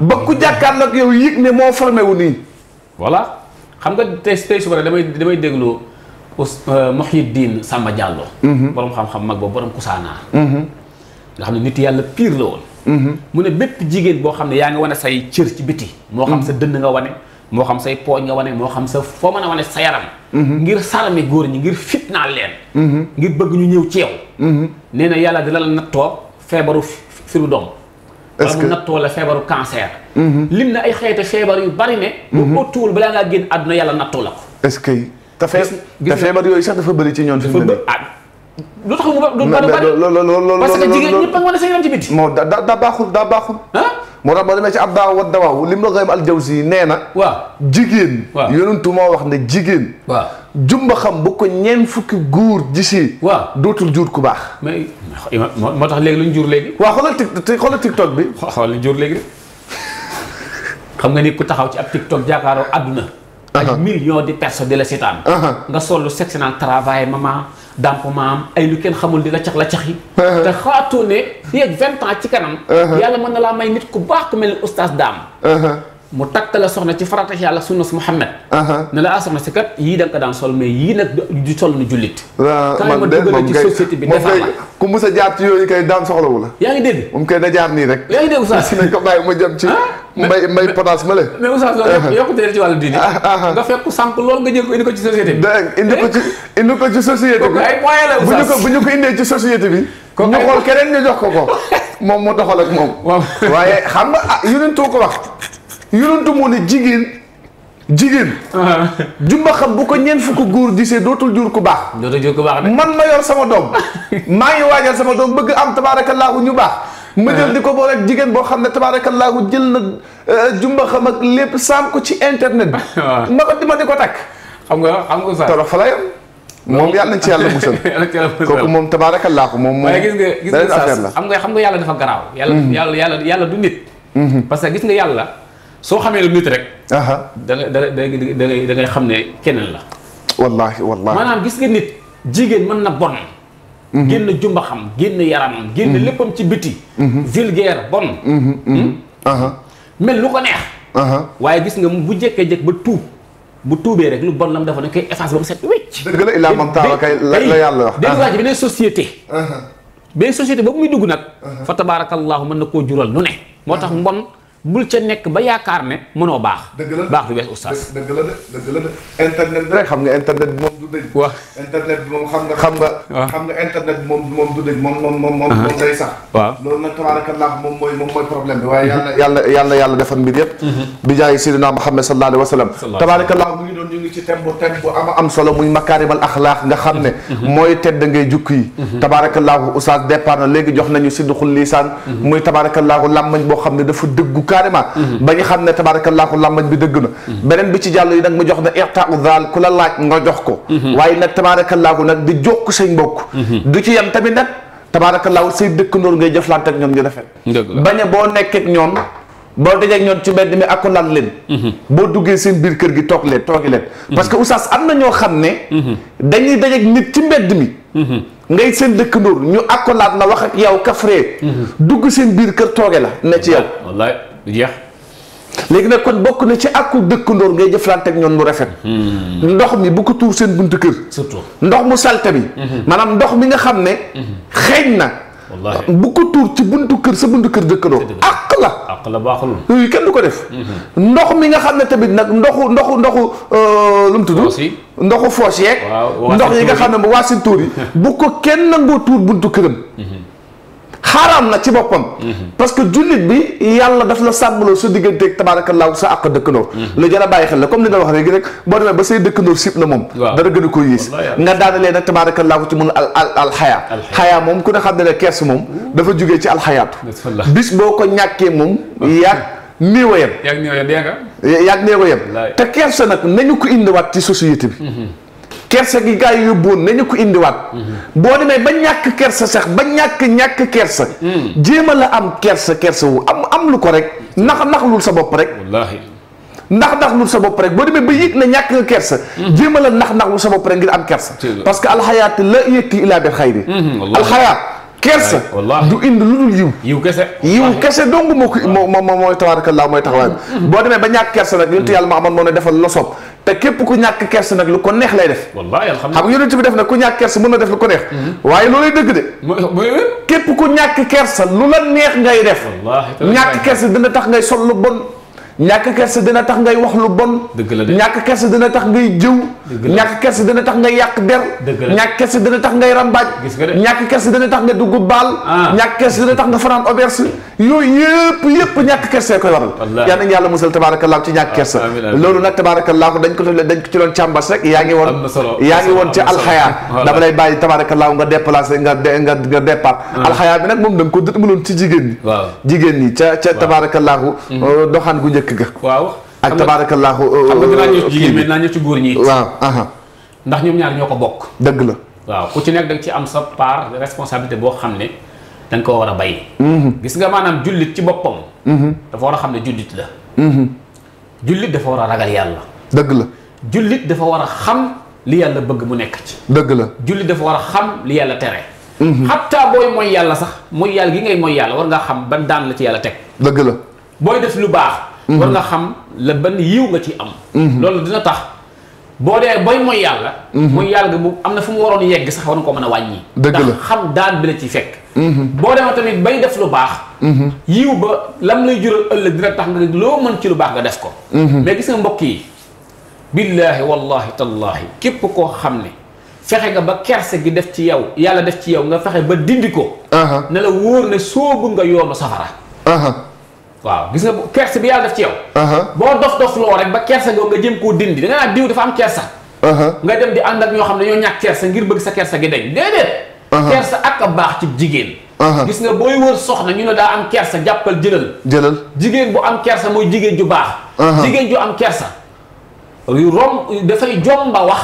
ba ku jàkkaarloog yow yëg ne moo formé wu nii voilà xam nga tey tey suba damay damay déglu euh, Mouhyiddine Samba Diallo mm-hmm. borom xam-xam mag boobu borom kusaanaa mm-hmm. nga xam ne nit yàlla pire la woon Mm-hmm. mu ne bépp jigéen boo xam ne yaa ngi wane say cër ci biti moo xam sa mm-hmm. dënn nga wane moo xam say pooñ nga wane moo xam sa foo mën a wane sa yaram mm-hmm. ngir sarame góor ñi ngir fit naa leen ngir bëgg ñu ñëw ci yow nee na yàlla dina la nattoo feebaru firu doom que mu nattoo la feebaru cancer lim na ay xeetu feebar yu bari ne bu ëttuwul balaa ngaa génn àdduna yàlla nattoo la ko est-ce que te feebar yooyu sax dafa bëri ci ñoon fi mu ne lu tax mu ba du ba du parce que a mën a seen moo da daa baaxul da baaxul. moo tax ba demee ci ab daaw wa dawaaw lim la koy al jawzi nee na. waaw jigéen. waaw yonentu moo wax na jigéen. waaw jumba xam bu ko ñeent fukki góor gisee. waaw dootul jur ku baax. mais moo tax léegi luñ jur léegi. waaw xoolal tik xoolal tiktok bi. xoolal li jur léegi xam nga ni ku taxaw ci ab tiktok jaakaaroo àdduna. ak millions de personnes di la seetaan. nga sollu sexe naan travail maman. dàmpement am ay lu kenn xamul di la cax la cax yi uh-huh. te xaatoo ne fii ak vingt ans ci kanam uh-huh. yàlla mën na laa may nit ku baax ku mel ni oustaz daam uh-huh. mu takk la soxna ci farata yàlla sunna su Muhammad ne la ah soxna si kat yii da nga ko daan sol mais yii nag du sol nu jullit kaay ma dugal ci société bi defar la ku mus a jaar ci yooyu kay daan soxlawu la yaa ngi dégg moom kay na jaar nii rek yaa ngi dégg oustaz si nañ ko bàyyi ma jëm ci ah? mbay mbay potaas ma la mais oustaz loolu yokkute ci wàllu diine ah, ah, nga fekk sànq loolu nga jël ko indi ko ci société bi indi ko ci eh? indi ko ci société bi ay moyen la oustaz bu ñu ko bu ñu ko indee ci société bi ñu xool keneen ñu jox ko ko moom mu doxal ak moom waaye xam nga ah yu ko wax yonentu moo ne jigéen jigéen. jumba xam bu ko ñeent fukk góor gisee dootul jur ku baax. dootul jur ku baax man ma yor sama doom maa ngi waajal sama doom bëgg am tabaarakallaahu ñu baax. ma jël uh-huh. di ko boole ak jigéen boo xam ne laa tabaarakallaahu jël na uh, jumba xam ak lépp saam ko ci internet bi. ma ko dima di ko takk. xam nga xam nga sax torof fa la yam moom yàlla na ci yàlla musal moom tabaarakallaahu moom moom. xam nga xam nga yàlla dafa garaaw. yàlla mm-hmm. yàlla yàlla du nit. Mm-hmm. parce que gis nga yàlla. soo xamee lu nit rek. da ngay da ngay xam ne keneen la. wallaahi wallaahi maanaam gis nga nit jigéen mën na bon. Mhm. génn jumba xam génn yaramam. génn mhm. léppam ci biti. Mhm. vulgaire bon. Hmm? mel lu ko neex. waaye gis nga mu bu jekkee jekk ba tuub bu tuubee rek lu bon la mu defoon dañ koy effacer ba mu set wécc. dëgg la ilaa man taala kay la yàlla wax. dañu waaj beneen société. beneen société boobu muy dugg nag. fa tabaarakallaahu mën na koo jural nu ne. moo tax mbon. bul ca nekk ba yaakaar ne mënoo baax. dëgg la baax du wees oustaz. dëgg la de dëgg la de internet bi rek xam nga internet bi du dëj. waaw internet bi moom xam nga. xam nga xam nga internet bi moom moom du dëj moom moom moom moom day sax. waaw loolu nag tabaarakallah moom mooy moom mooy problème bi waaye mhm. yàlla yàlla yàlla yàlla defal mbir yëpp. Mhm. bi jaay Seydina Muhammad sallallahu alayhi wa sallam. tabaarakallah mu ngi doon ñu ngi ci thème bu thème bu ama am solo muy makaarimal axlaaq nga xam ne. Mhm. mooy tedd ngay jukki yi. tabaarakallah oustaz départ na léegi jox nañu sidduxul lisaan. muy tabaarakallah làmmañ boo xam ne dafa dëggu carrément. ba ñu xam ne tabaarakallah làmmañ bi dëgg na beneen bi ci jàll yi nag mu jox na irtaau daal ku la laaj nga jox ko Mm-hmm. waaye nag tabaarakallaahu nag di jokk say mbokk mm-hmm. du ci yam tamit nag tabaarakallaahu say dëkkandoor ngay jëflante ak ñoom ñu rafet bañ a boo nekkee ak ñoom boo dajeeg ñoom ci mbedd mi ak ko lal leen mm-hmm. boo duggee seen biir kër gi toog leen toogi leen parce que oustaz am na ñoo xam ne dañuy dajeeg nit ci mbedd mi ngay seen dëkk dëkkandoor ñu akolaat la wax ak yow kafree dugg seen biir kër tooge la ne ci yow wallaay jeex léegi nag kon bokk na ci ak dëkkandoor ngay jëflante ak ñoom mu rafet. Hmm. ndox mi bu ko tuur seen buntu kër. surtout ndox mu salte bi. Hmm. maanaam ndox mi nga xam ne. Hmm. xeeñ na. wallaahi bu ko tuur ci buntu kër sa buntu kër dëkkandoo. àq la àq baaxul. yooyu kenn du ko def. ndox mi nga xam ne tamit nag ndoxu ndoxu ndoxu euh, lu mu tudd. ndoxu foos yeeg. ndox yi nga xam ne waa seen tuur yi. bu ko kenn nangoo tuur buntu këram. xaaraam na ci boppam mhm. parce que jullit bi yàlla daf la sàmmaloo sa digganteeg tabaarakallaahu sa àq dëkkandoo mhm. lu jar a bàyyi xel la comme ni nga wax léegi rek boo demee ba say dëkkandoo sib la moom dara gën a ko yées nga daanalee nag tabaarakallaahu ci mun al al alxayaa xayaa moom ku ne xam ne ne kees moom dafa jugee ci alxayaatu bis boo ko ñàkkee moom yàgg néew a yem yàgg néew a yem te kersa nag nañu ko indiwaat ci société bi mhm. kersa gi gars yi yóbbuwoon nañu ko indiwaat. Mhm. boo demee ba ñàkk kersa sax ba ñàkk ñàkk kersa. Hmm. jéem a la am kersa kersa wu am am lu ko rek nax nax lul sa bopp rek. ndax ndax lul sa bopp rek boo demee ba yëg ñàkk nga kersa. Hmm. jéem a la nax nax lu sa bopp rek ngir am kersa. parce que alxayaat la yëtti ilaa bil xayri. Hmm, alxayaat. kersa du indi lu dul yiw yiw kese yiw kese dong moo ko moo moo mooy tabaaraka boo demee ba ñàkk kersa nag yonent moo ne defal la te képp ku ñàkk kerse nag lu ko neex lay def xam nga yonent bi def na ku ñàkk kerse mën na def lu ko neex mhm. waaye loolay dëgg de képp ku ñàkk kersa lu la neex ngay def ñàkk kerse dina tax ngay sol lu bon ñàkk kersa dina tax ngay wax lu bon. dëgg la ñàkk kersa dina tax ngay jëw. ñàkk kersa dana tax ngay yàq der. ñàkk kersa dina tax ngay rambaaj. gis nga de ñàkk kersa dina tax nga dugg baal. Ah. ñàkk kersa dina tax nga fanaan auberge. yooyu yëpp yëpp ñàkk kersa koy waral. wallaahi yal yàlla musal tabaarakallaahu ci ñàkk kersa. Ah, loolu nag tabaarakallaahu dañ ko dañ ko ci doon càmbas rek. yaa ngi nga déplacé nga nga nga ah. nag moom da ko dëtmaloon ci jigéen ñi. waaw jigéen ñi ca ca tabaarakallaahu mm-hmm. uh, dëkk ga. waaw ak tabaarakallaahu. Uh, xam nga dinaa ñëw ci jigéen ndax ñoom ñaar ñoo ko bokk. dëgg la waaw ku ci nekk da ci am sa part de responsabilité boo xam ne da koo war a bay. Mm-hmm. gis nga maanaam jullit ci boppam. Mm-hmm. dafa war a xam ne jullit la. Mm-hmm. jullit dafa war a ragal dëgg la jullit dafa war a xam li yàlla bëgg mu nekk ci. dëgg la jullit dafa war a xam li yàlla tere. xataa booy mooy yàlla sax mooy yàlla gi ngay mooy yàlla war ngaa xam ba daan la ci yàlla teg. dëgg la booy def lu baax. war mhm. nga xam la ban yiw nga ci am. Mhm. loolu dina tax boo dee booy mooy yàlla. Mhm. mooy yàlla bu am na fu mu waroon yegg sax war nga koo mën a wàññi. dëgg la xam daan bi la ci fekk. boo demee tamit bay def lu baax. yiw ba lam lay jural ëllëg dina tax nga loo mën ci lu baax nga def ko. mais gis nga mbokk yi. billaahi wallaahi tallaahi képp koo xam ne fexe nga ba kerse gi def ci yow yàlla def ci yow nga fexe ba dindi ko. ne la wóor ne soobu nga yoonu safara. waaw gis nga kersa bi yàlla def ci yow. boo dof dof loo rek ba kersa googu nga jëm koo dindi da nga diw dafa am kersa. nga dem di ànd ak ñoo xam ne ñoo ñàkk kersa ngir bëgg sa kersa gi dañ déedéet. kersa baax ci jigéen. gis nga booy wër soxna ñu daa am kersa jàppal jëlal. jëlal jigéen bu am kersa mooy jigéen ju baax. jigéen ju am kersa. rom dafay jomba wax.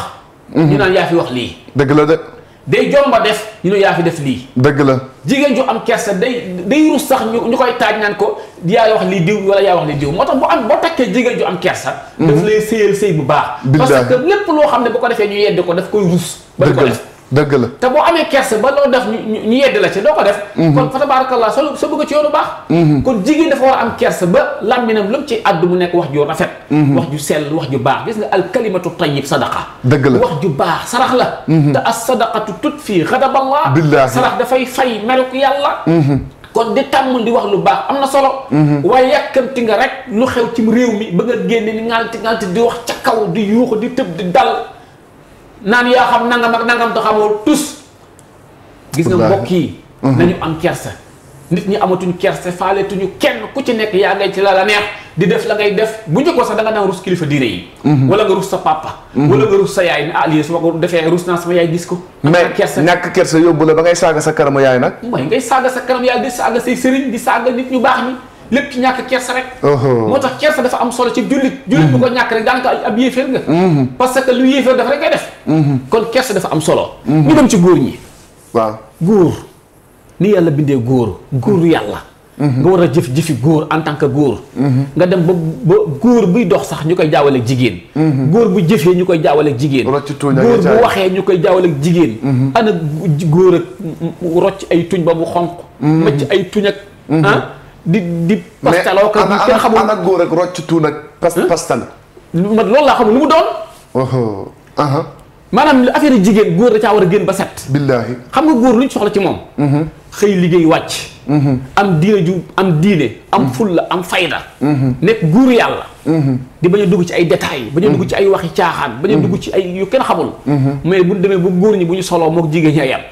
Mhm. ñu naan yaa fi wax lii. dëgg la de. day jomba def ñu ne yaa fi def lii. dëgg la jigéen ju am kersa day day rus sax ñu ñu koy taaj naan ko yaa wax lii diw wala yaa wax lii diw moo tax bu am boo takkee jigéen ju am kersa. daf mhm. lay sëyal sëy bu baax. parce que lépp loo xam ne boo ko defee ñu yedd ko daf koy rus. ba ko def dëgg la te boo amee kerse ba loo def ñu ñu yedd la si loo ko def. Mhm. kon fa tabaarakallaa soo soo bëgg ci yoonu baax. Mhm. kon jigéen dafa war am kerse ba làmminam lu ci àddu mu nekk wax ju rafet. Mhm. wax ju sell wax ju baax gis nga al kalimatu tayyib sadaqa. dëgg la wax ju baax sarax la. te as sadaqatu tutfi ghadaballaa. billaahi sarax dafay fay meluk yàlla. kon di tàmm di wax lu baax am na solo. waaye yàkkamti nga rek lu xew ci réew mi bëgg a génne ni ngalti ngalti di wax ca kaw di yuuxu di tëb di dal. naan yaa xam nangam ak nangam te xamoo tus. gis nga mbokk yi. Mhm. nañu am kersa. nit ñi amatuñ kersa faaletuñu kenn ku ci nekk yaa ngay ci la la neex di def la ngay def bu ko sax da nga naan rus kilifa diine yi. Mhm. wala nga rus sa papa. Mhm. wala nga rus sa yaay ne ah lii ko defee rus naa sama yaay gis ko. mais ñàkk kersa yóbbu la ba ngay saaga sa karamu yaay nag. mooy ngay saaga sa karamu yaay di saaga say sëriñ di saaga nit ñu baax ñi. lépp ci ñàkk kersa rek uh-huh. moo tax kersa dafa am solo ci jullit jullit bu ko ñàkk rek daanaka ab yéeféer nga uh-huh. parce que lu yéeféer dafa rek koy def uh-huh. kon kersa dafa am solo ngi dem ci góor ñi waaw góor ni yàlla bindee góor góoru yàlla war a jëf jëfi góor en tant que góor nga dem ba ba góor buy dox sax ñu koy jaawale ak jigéen góor bu jëfee ñu koy jaawale ak jigéen góor bu waxee ñu koy jaawale ak jigéen ana góor ak rocc ay tuñ ba mu xonq macc ay tuñ ak ah di di. pastaloo ko di kenn xamul mais góor ak rocc tuun ak. pastal. man loolu laa xamul lu mu doon. maanaam affaire jigéen góor da caa war a génn ba set. billaahi xam nga góor lu ñu soxla ci moom. Mhm. xëy liggéey wàcc. Mhm. am diine ju am diine. am mhm. fulla am fayda. nekk góor yàlla. di bañ a dugg ci ay détails. bañ a dugg ci ay waxi caaxaan. bañ a dugg ci ay yu kenn xamul. mais bu demee ba góor ñi bu ñu soloo moog jigéen ñi ay yam.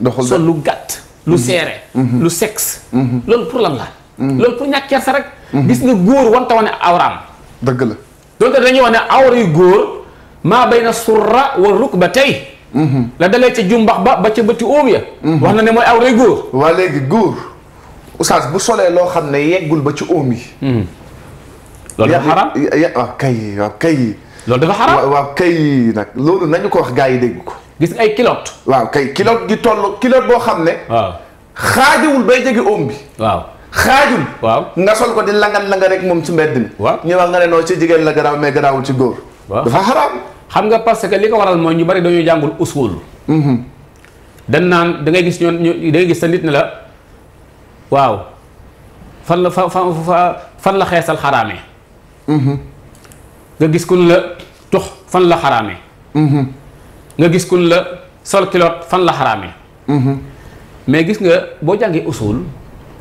doxul lu gàtt. lu seere lu seks loolu pour lan la loolu pour ñàkk kersa rek gis nga góor wanta wane awraam dëgg la donte dañuy wax ne awra yu góor maa bay na surra wa rukbatay la dalee ca jumbax ba ba ca bëti óom ya wax na ne mooy awra yu waa léegi góor oustaz bu solee loo xam ne yeggul ba ci óom yi hmm. loolu dafa xaraam loolu dafa xaraam nag loolu ko wax gaa yi dégg ko gis ay kilote. waaw kay kilote gi toll kilote boo xam ne. waaw xaajiwul bay jege oom bi. waaw xaajul. waaw nga sol ko di langan langa rek moom ci mbedd mi. waaw ñëwaat nga ne noo ci jigéen la garaaw mais garaawul ci góor. waaw dafa xaraam. xam nga parce que li ko waral mooy ñu bari dañoo jàngul usul. Mm-hmm. dañ naan da ngay gis ñoon ñu da gis sa nit ne la waaw fan la fa fan la xeesal xaraamee. Mm-hmm. nga gis ku la tux fan la xaraamee. Mm-hmm. nga gis kun la sol kiloot fan la xaraamee mm-hmm. mais gis nga boo jàngee usul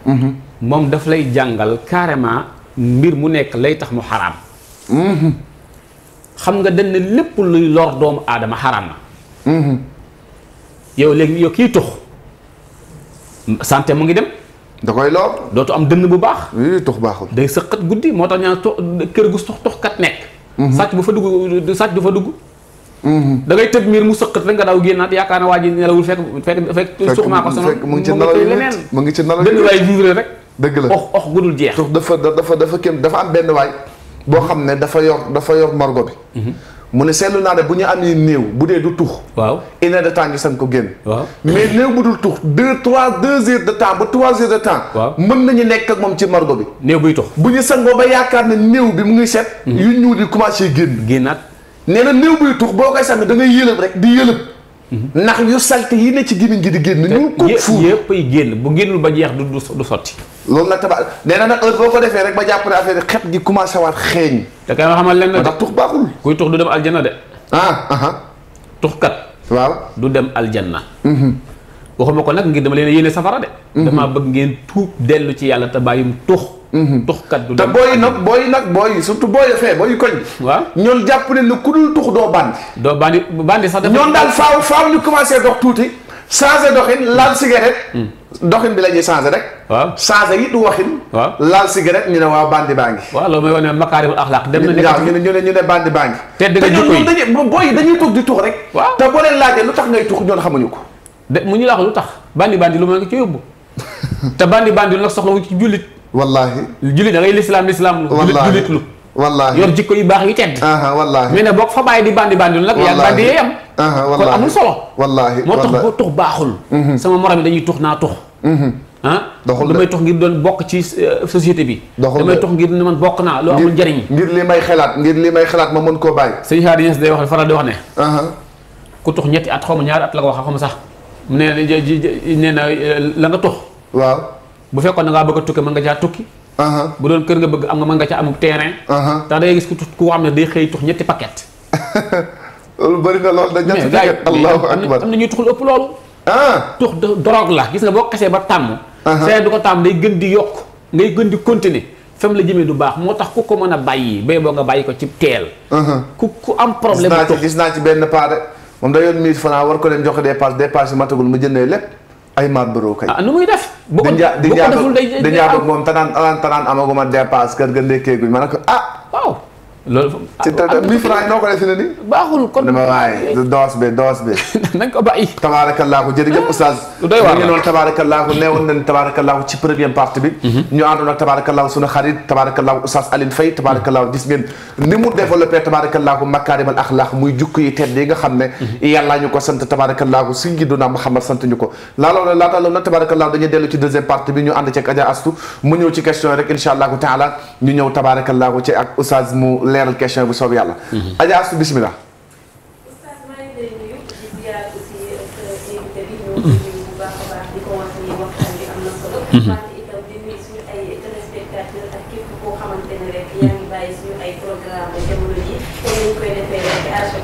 mm-hmm. moom daf lay jàngal carrément mbir mu nekk lay tax mu xaraam mm-hmm. xam nga dañ ne lépp luy lor doomu aadama xaraam na yow léegi yow kii tux sante mu ngi dem da koy lor dootu am dënn bu baax tux baaxul day sëqat guddi moo tax ñaan tux kër gu tux tuxkat nekk sàcc bu fa dugg sàcc du fa dugg Mm-hmm. da ngay tëb miir mu sëqat rek nga daw génnaat yaakaar ne waa ji nelawul fekk fekk fekk suux maa ko sonal mu ngi ci nelaw leneen mu ngi ci nelaw dëgg lay vivre rek dëgg la ox ox gudul jeex dafa dafa dafa kenn dafa am benn waay boo xam ne dafa yor dafa yor morgo bi mm-hmm. mu ne seetlu naa ne bu ñu am amee néew bu dee du tux waaw une de temps ngi ko génn waaw mais néew bu dul tux deux trois deux heures de temps ba trois temps waaw mën nañu nekk ak moom ci margo bi néew buy tux bu ñu sangoo ba yaakaar ne néew bi mu ngi set mm-hmm. yu ñuul di commencé génn génnaat nee na néew buy tuux boo koy sànni da yëlëb rek di yëlëb. Mhm. ndax yu salte yi ne ci gémmiñ gi di génn. ñu ko fuur yëpp ay génn bu génnul ba jeex du du sotti. loolu nag tabax nee na nag boo ko defee rek ba jàpp ne affaire xet gi commencé waat xeeñ. da kay ma xamal lenn de ndax tux baaxul. kuy tux du dem aljanna de. ah. tuxkat. waaw du dem aljanna. Mhm. waxuma ko nag ngir dama leen yéene safara de. Mhm. damaa bëgg ngeen tuub dellu ci yàlla te bàyyum tux Mm-hmm. tuxkat du te booy nag booy nag booy surtout booy fee booy koñ bi. waaw ñoom jàpp ne ne ku dul tux doo bandi. doo bandi bandi sax dafa. ñoom daal faaw faaw ñu commencé dox tuuti. changé doxin laal cigarette. Mm. doxin la ñuy changé rek. waaw changé it waxin. waaw laal cigarette ñu ne waaw bandi baa ngi. waaw loolu mooy wane makaarimul dem na ñu ne ñu ne ñu ne bandi baa ngi. te dëgg jikko yi te ñoom booy dañuy tux di tux rek. waaw te boo leen laajee lu tax ngay tux ñoon xamuñu ko. de mu ñu la wax lu tax bandi bandi lu ma nga ci yóbbu te bandi bandi lu nag soxla wu ci jullit wallaahi. julli da ngay lislaam lislaam lu. wallaahi jullit lu. wallaahi yor jikko yu baax yu tedd. wallaahi mais nag boo ko fa bàyyi di bandi bandi lu nag. yaa bandi yee am. kon amul solo. wallaahi moo tax boo tux baaxul. Mhm. sama morom yi dañuy tux naa tux. Mhm. ah doxul damay tox ngir doon bokk ci eh, société bi. doxul damay tox ngir ne man bokk naa. loo amul njëriñ ngir li may xalaat ngir li may xalaat ma mën koo bàyyi. sëñ Hadj Niass day wax faral di wax ne. ku tux ñetti at xaw ma ñaari at la ko wax xaw ma sax mu ne eh, la nga tux waaw. bu fekkoon da ngaa bëgg a tukki mën nga caa tukki bu doon kër nga bëgg am nga mën nga caa amub terrain ndax da ngay gis ku ku xam ne day xëy tux ñetti paquet loolu bëri na loolu da ñetti paquet allahu akbar am na ñuy tuxul ëpp loolu ah tux drogue la gis nga boo xesee ba tàmm seen du ko tàmm day gën di yokk ngay gën di continuer fam la jëmee du baax moo tax ku ko mën a bàyyi bay boo nga bàyyi ko ci teel ku ku am problème gis naa ci benn paa de moom da yoon mille francs war ko mu jëndee lépp ay maat bëroo kay. ah nu muy def. bu ko deful day day day moom tanaan tanaan amaguma dépasse kër ga ndékkee guñ ma ne ko ah waaw. loolu. ci te ko def si ne nii. baaxul kon dama la ñu noonu tabaarakallaahu neewoon nañ tabaarakallaahu ci première partie bi. Mhm. ñu àndoon ak tabaarakallaahu sunu xarit tabaarakallaahu oustaz Alioune Faye tabaarakallaahu ni mu développé tabaarakallaahu makaarimal axlaaq muy jukk yi tedd yi nga xam ne. Mhm. yàllaa ñu ko sant tabaarakallaahu sayyiduna Muhammad sant ñu ko. laaloon laata loolu nag tabaarakallaahu dañuy dellu ci deuxième partie bi ñu ànd ci ak Adja Astou mu ñëw ci question rek incha allahu taala ñu ñëw tabaarakallaahu ci ak oustaz mu leeral question bu soob yàlla. Mhm. Adja Astou bisimilah. oustaz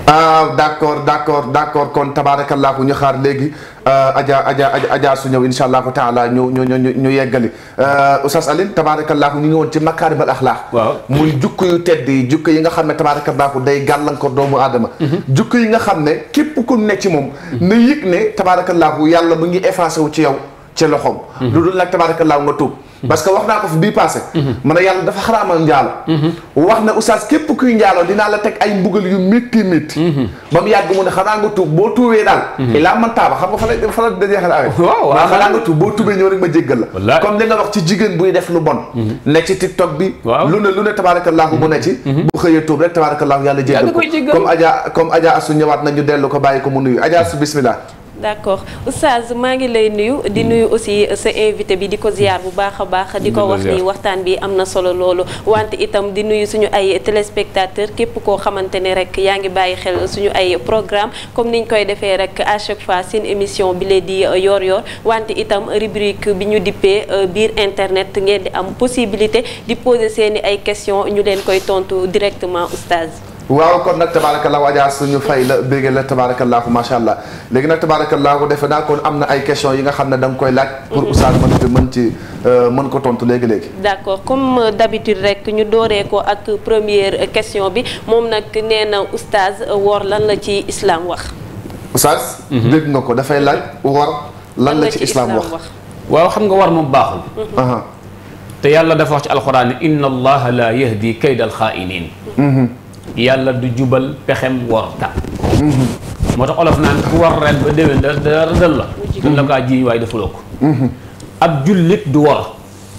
ah euh, d' accord d' accord d' accord kon tabaarakallaahu ñu xaar léegi euh, Adja Adja Adja su ñëw incha allahu taala ñu ñu ñu ñu yeggali euh, Oustaz Alioune tabaarakallaahu ñu ngi woon ci makaarimal axlaaq. waaw muy jukko yu tedd yi jukk yi nga xam ne tabaarakallaahu day gàllankoor doomu aadama. Mhm. jukk yi nga xam ne képp ku ne ci moom. Mhm. na yëg ne tabaarakallaahu yàlla mu ngi effacé wu ci yow ci loxoom. Mhm. lu dul nag tabaarakallaahu nga tuub. parce que wax naa ko fi bii passé ma ne yàlla dafa xaraamal njaalo wax ne oustaz képp kuy njaaloo dinaa la teg ay mbugal yu métti métti ba mu yàgg mu ne xanaa nga tuub boo tuubee daal ilaa man taaba xam nga boo tuubee ñëw rek ma jéggal la comme li nga wax ci jigéen buy def lu bon ne ci tiktok bi lu ne lu ne tabaarakallaahu bu ne ci bu xëyee tuub rek tabaarakallaahu yàlla jéggal ko comme Adja comme Adja Asu ñëwaat nañu dellu ko bàyyi ko mu nuyu Asu bismillah d'accord oustaz maa ngi lay nuyu di hmm. nuyu aussi sa invité bi di ko ziyaar bu baax a baax di ko wax ni waxtaan bi am na solo loolu wante itam di nuyu suñu ay téléspectateur képp koo xamante ne rek yaa ngi bàyyi xel suñu ay programme comme niñ koy defee rek à chaque fois seen émission bi lee di euh, yoor yoor wante itam rubrique bi ñu dippee euh, biir internet ngeen di am possibilité di poser seeni ay question ñu leen koy tontu directement oustaz waaw kon nag tabaarakallaahu ajaa suñu fay la bégee la ko macha allah léegi nag tabaarakallaahu defe naa kon am na ay question yi nga xam ne da nga koy laaj pour mhm. oustaz mën fi man ci euh, mën ko tontu léegi-léegi d' accord comme euh, d' rek ñu dooree ko ak première question bi moom nag nee na oustaz woor lan la ci islam wax oustaz mhm. dégg nga ko dafay laaj woor lan la ci islam wax waaw xam nga war moom baaxul mhm. te yàlla dafa wax ci alxuraan inna allaha la yahdi kaydal xaa'iniin yàlla du jubal pexem warta moo tax olof naan ku war ren ba déwén da da rëddal la dañ la kaa jiiñ waaye defuloo ko ab jullit du war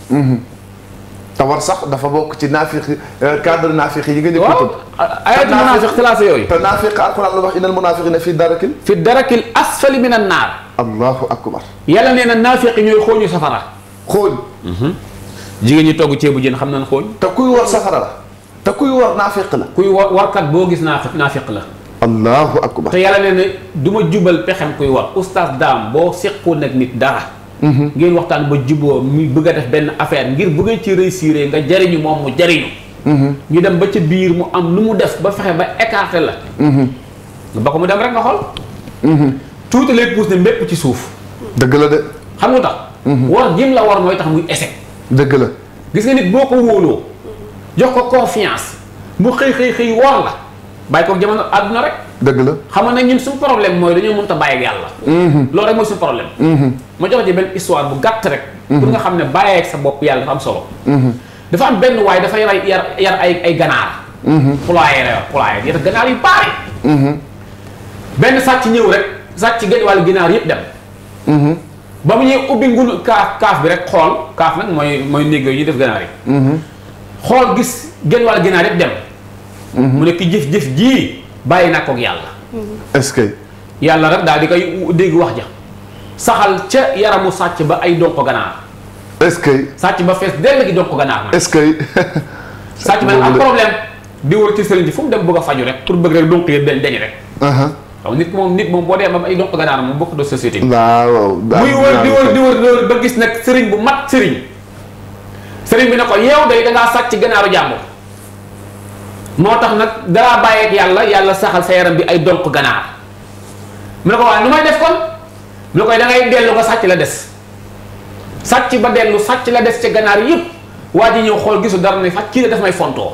te war sax dafa bokk ci naafiq euh, cadre naafiq yi nga njëkk a tudd ayatu munaafiq talaasa yooyu te la wax inal munaafiqina fi darakil fi darakil asfali min a naar allahu akbar yàlla nee na naafiq ñooy xooñu safara xooñ mhm. jigéen ñi togg ceebu jën xam nañ xooñ te kuy war safara la te kuy war naafiq la. kuy war warkat boo gis naa naafiq la. allahu akbar. te yàlla nee na du ma jubal pexem kuy war oustaz daam boo seqoon nag nit dara. Mhm. ngeen waxtaan ba juboo mi bëgg a def benn affaire ngir bëgg ci réussir nga jariñu moom mu jariñu. Mhm. ñu dem ba ca biir mu am lu mu def ba fexe ba écarté la. nga mhm. ba ko mu dem rek nga xool. tuuti lay pousse ne mbépp ci suuf. dëgg la de. xam nga tax. war jim la war mooy tax muy ese dëgg la. gis nga nit boo ko wóoloo. jox ko confiance mu xëy xëy xëy woor la bàyyi ko jamono àdduna rek. dëgg la xam ne ñun suñu problème mooy dañoo mënut a bàyyi ak yàlla. Mm-hmm. loolu rek mooy suñu problème. Mm-hmm. ma jox ci benn bu gàtt rek. Mm-hmm. pour nga xam ne bàyyi sa bopp yàlla am solo. dafa am benn waay dafay rey yar yar ay ay ganaar. poulailler ganaar yu baare. benn sàcc ñëw rek sàcc gën wàllu ginaar yëpp dem. ba mu ñëw ubbi ngunu kaaf kaaf bi rek xool kaaf nag mooy mooy néeg yooyu def ganaar yi. xool gis genn wàll ganaar yëpp dem. Mhm. mu ne ki jëf jëf jii bàyyi na koog yàlla. Mhm. est que. yàlla rek daal di koy dégg wax ja saxal ca yaramu sàcc ba ay donko ganaar. est que. sàcc ba fees dell gi donko ganaar ma. est-ce que. sàcc ba am problème di wër ci sëriñ fu mu dem bëgg a faju rek pour bëgg rek donk yi dañ dañu rek. waaw nit moom nit moom boo dee am ay donko ganaar moom bokk do société. waaw waaw muy wër di wër di wër ba gis nag sëriñ bu mat sëriñ. sëriñ bi ne ko yow day da sàcc ganaaru jàmbur moo tax nag daraa bàyyeeg yàlla yàlla saxal sa yaram bi ay donk ganaar mu ne ko waaye nu may def kon mu ne koy da dellu nga sàcc la des sàcc ba dellu sàcc la des ca ganaar yëpp waa ji ñëw xool gisu dara ne fa kii ne daf may fontoo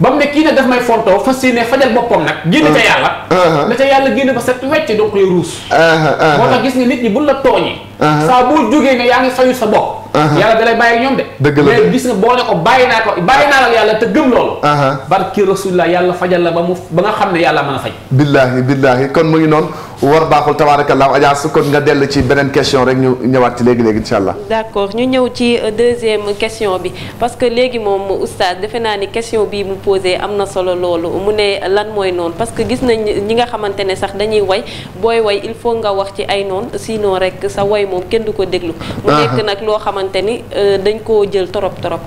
ba mu ne kii ne daf may fontoo fas yéene fajal boppam nag génn ca yàlla uh-huh. Uh-huh. na ca yàlla génn ba set wecc donc lay ruus uh-huh. moo tax gis nga nit ñi bu la tooñee Uh-huh. saa boo jógee ne yaa ngi fayul sa bopp uh-huh. yàlla da lay bàyyi ak ñoom de dëgg la mais gis nga boo ne ko bàyyi naa ko bàyyi naa la yàlla te gëm loolu uh-huh. barki rasulillah yàlla fajal la ba mu ba nga xam ne yàlla mën a faj billaahi billaahi kon mu ngi noonu war baaxul tabaarakallaahu Adja su kon nga dell ci beneen question rek ñu ñëwaat ci léegi-léegi incha allah d'accord ñu ñëw ci euh, deuxième question bi parce que léegi moom oustaz defe naa ni question bii mu posé am na solo loolu mu ne lan mooy noonu parce que gis nañ ñi nga xamante ne sax dañuy way booy way il faut nga wax ci ay noonu yooyu moom kenn du ko déglu. mu ah. nekk nag loo xamante ni euh, dañ koo jël torop torop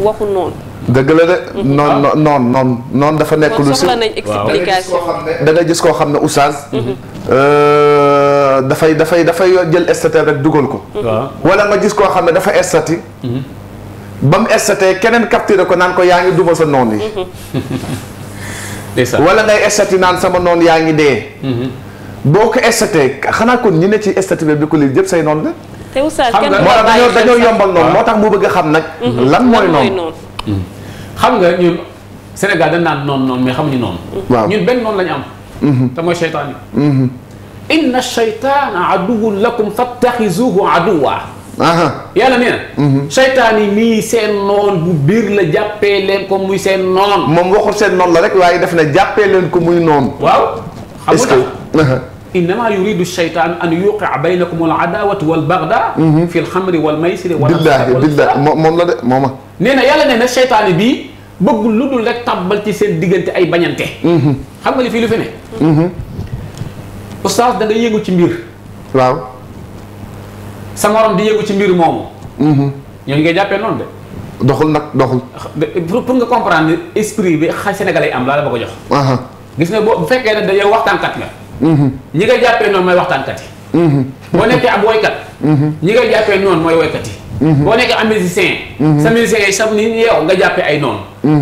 waxu noonu. dëgg la de. Mhm. noon noon noon noon dafa nekk lu si kon soxla nañ explication da ngay gis koo xam ne oustaz. Mhm. Euh, dafay dafay dafay jël statut rek dugal ko. Mhm. wala nga gis koo xam ne dafa statut. ba mu statut keneen capturé ko naan ko yaa ngi duma sa noon yi. wala ngay statut naan sama noon yaa ngi dee. boo ko statee xanaa ko ñi ne ci statut bi ko lii yëpp say noon la. te oustaz kenn moo tax dañoo dañoo yombal noonu moo tax mu bëgg a xam nag. Mhm. lan mooy noonu mhm. xam nga ñun Sénégal dañ naan noonu noonu mais xamuñu noonu. waaw ñun benn noon lañu am. Mhm. te mooy seytaan yi. inna seytaana aduwwun lakum fattaxizuuhu aduwwa. yàlla nee na. seytaan yi nii seen noon bu biir la jàppee leen ko muy seen noon. moom waxul seen noon la rek waaye def na jàppee leen ko muy noonu. waaw xam innama yuridu shaytaan an yuqia baynakum al adaawatu wal bagda fi lxamri wal maysiri wal billaahi billaahi moom la de mooma nee na yàlla nee na seytaane bi bëggul lu dul rek tàbbal ci seen diggante ay bañante xam nga li fii lu fi ne oustaz da nga yëngu ci mbir waaw sa morom di yëngu ci mbir moomu ñooñu ngay jàppee noon de doxul nag doxul pour nga comprendre esprit bi xa Sénégal am laa la ba ko jox gis nga boo bu fekkee na da yow waxtaankat nga ñi nga jàppee noonu mooy waxtaankat yi. Mm-hmm. boo nekkee ab woykat. Mm-hmm. ñi nga jàppee noonu mooy woykat yi. Mm-hmm. boo nekkee am musicien. sa musicien yi sa ni yow nga jàppee ay noonu.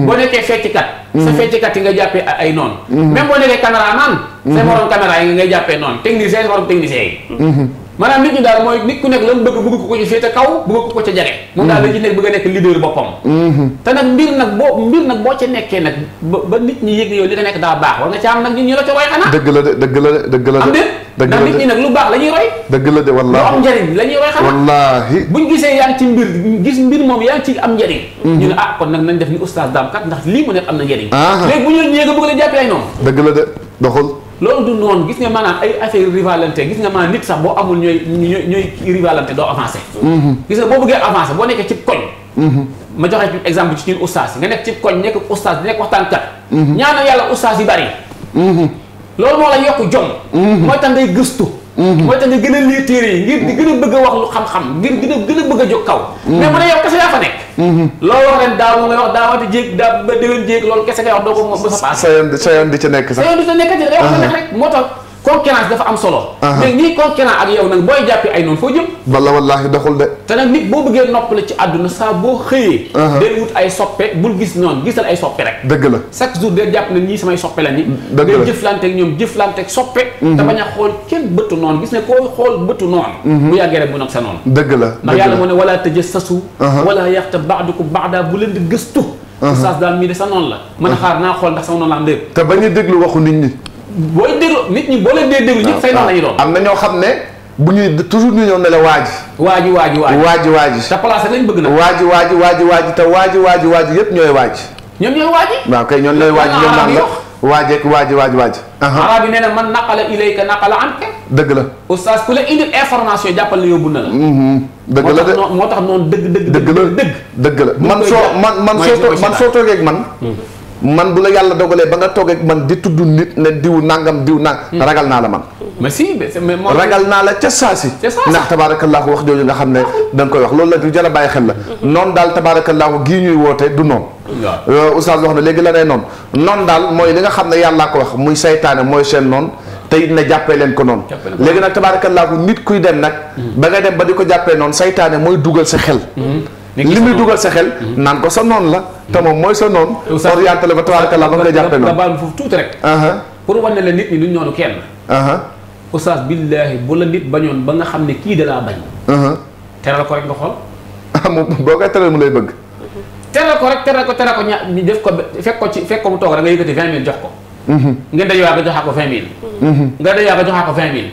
boo nekkee fecckat. sa fecckat yi nga jàppee ay noon même boo nekkee caméraman. sa morom caméra yi ngay jàppee noonu technicien sa morom technicien yi. maanaam nit ñi daal mooy nit ku nekk la mu bëgg bëgg ko ko ci féete kaw bëgg ko ko ca jage moom daal da nekk bëgg a nekk leader boppam mm-hmm. te nag mbir nag boo mbir nag boo ca nekkee nag ba nit ñi yëg ne yow li nga nekk daa baax war nga ci am nag la ca roy xanaa dëgg nag lu baax la ñuy roy dëgg la de wallaahi lu am njëriñ la ñuy roy xanaa wallaahi buñ gisee yaa ngi ci mbir gis mbir moom yaa ngi ci am njëriñ mm-hmm. ah, kon nag nañ def ni oustaz daam kat ndax lii mu nekk am na njëriñ léegi bu ñu ñëwee nga bëgg la jàppee ay noonu dëgg la de loolu du noonu gis nga maanaam ay affaire rivalante gis nga maanaam nit sax boo amul ñooy ñooy rivalante doo avancé. Mm-hmm. gis nga boo bëggee avancé boo nekkee ci koñ. Mm-hmm. ma joxe exemple ci ñun ustaas nga nekk ci koñ nekk ustaas di nekk waxtaankat. Mm-hmm. ñaanal yàlla ustaas yi bari. loolu moo la yokk jom. mooy tax ngay gëstu. Mhm. mooy tax nga gën a lii téere yi ngir di gën a bëgg a wax lu xam-xam ngir gën a gën a bëgg a jóg kaw mhm. mais bu ne yow kese yaa fa nekk mhm. loolu wax leen daaw mu ngay wax daawati jéeg daaw ba déwén jéeg loolu kese ngay wax doo ko moom ba sa paas sa yoon di ca nekk sax sa yoon di ca nekk ci da ngay wax sa nekk rek moo tax koo concurrence dafa am solo. mais nii concurrent ak yow nag booy jàppee ay noonu foo jëm. walla wallaahi doxul de. te nag nit boo bëggee noppale ci àdduna saa boo xëyee. del wut ay soppe bul gis noonu gisal ay soppe rek. dëgg la chaque jour de jàpp ne ñii samay soppe la ni dëgg la ñoom jëflanteeg soppe. Mhm. te bañ a xool kenn bëttu noon gis ne koo xool bëttu noonu. Mhm. bu yàggee rek bu nag sa noonu. dëgg la ndax yàlla moo ne wala tajassasu. wala yaxtab ba'dukum ba'da bu leen di gëstu. saas daal mii de sa noonu la. mën xaar naa xool ndax sama noonu la am lépp. te bañ waxu nit ñi booy déglu nit ñi boo leen dee déglu ñëpp say noonu la ñu am na ñoo xam ne bu ñuy toujours ñu ñëw ne la waaji waaji waaji waaji waaji waaji te placé lañ bëgg na waaji waaji waaji waaji te waaji waaji waaji yëpp ñooy waaji ñoom ñooy waaji waaw kay ñoom ñooy waaji ñoom naan la waajeek waaji waaji waaji arab yi nee na man naqala ilayka naqala anka dëgg la oustaz ku la indil information jàppal la yóbbu na la mm-hmm. dëgg la de moo tax noonu dëgg dëgg dëgg la dëgg la man soo man man soo man soo toogee man mm. man bu la yàlla dogalee ba nga toog man di tudd nit ne diw nangam diw nang hmm. ragal naa la man mais si mais ragal naa la ca saa saasi ndax tabaarakallaahu wax jooju nga xam ne ah. da koy wax loolu la du jar a bàyyi xel la hmm. noonu daal tabaarakallaahu gii ñuy wootee du noonu euh, oustaz wax na léegi la ne noonu noonu daal mooy li nga xam ne yàllaa ko wax muy seytaane mooy seen noonu te it jàppee leen ko noonu léegi nag tabaarakallaahu nit kuy dem nag hmm. ba nga dem ba di ko jàppee noon saytaane mooy dugal sa xel li muy dugal sa xel naan ko sa noon la te moom mooy sa noon orienté la ba tabaarkalla ba nga jàppe noonu baal foofu tuuti rek pour wane la nit ñi duñ noonu kenn oustaz billaahi bu la nit bañoon ba nga xam ne kii da laa bañ teral ko rek nga xool boo koy teral mu lay bëgg teral ko rek teral ko teral ko ña def ko fekk ko ci fekk ko mu toog rek nga yëkkati vingt mille jox ko nga dajoo ak a joxaa ko vingt mille. nga dajoo ak a joxaa ko vingt mille.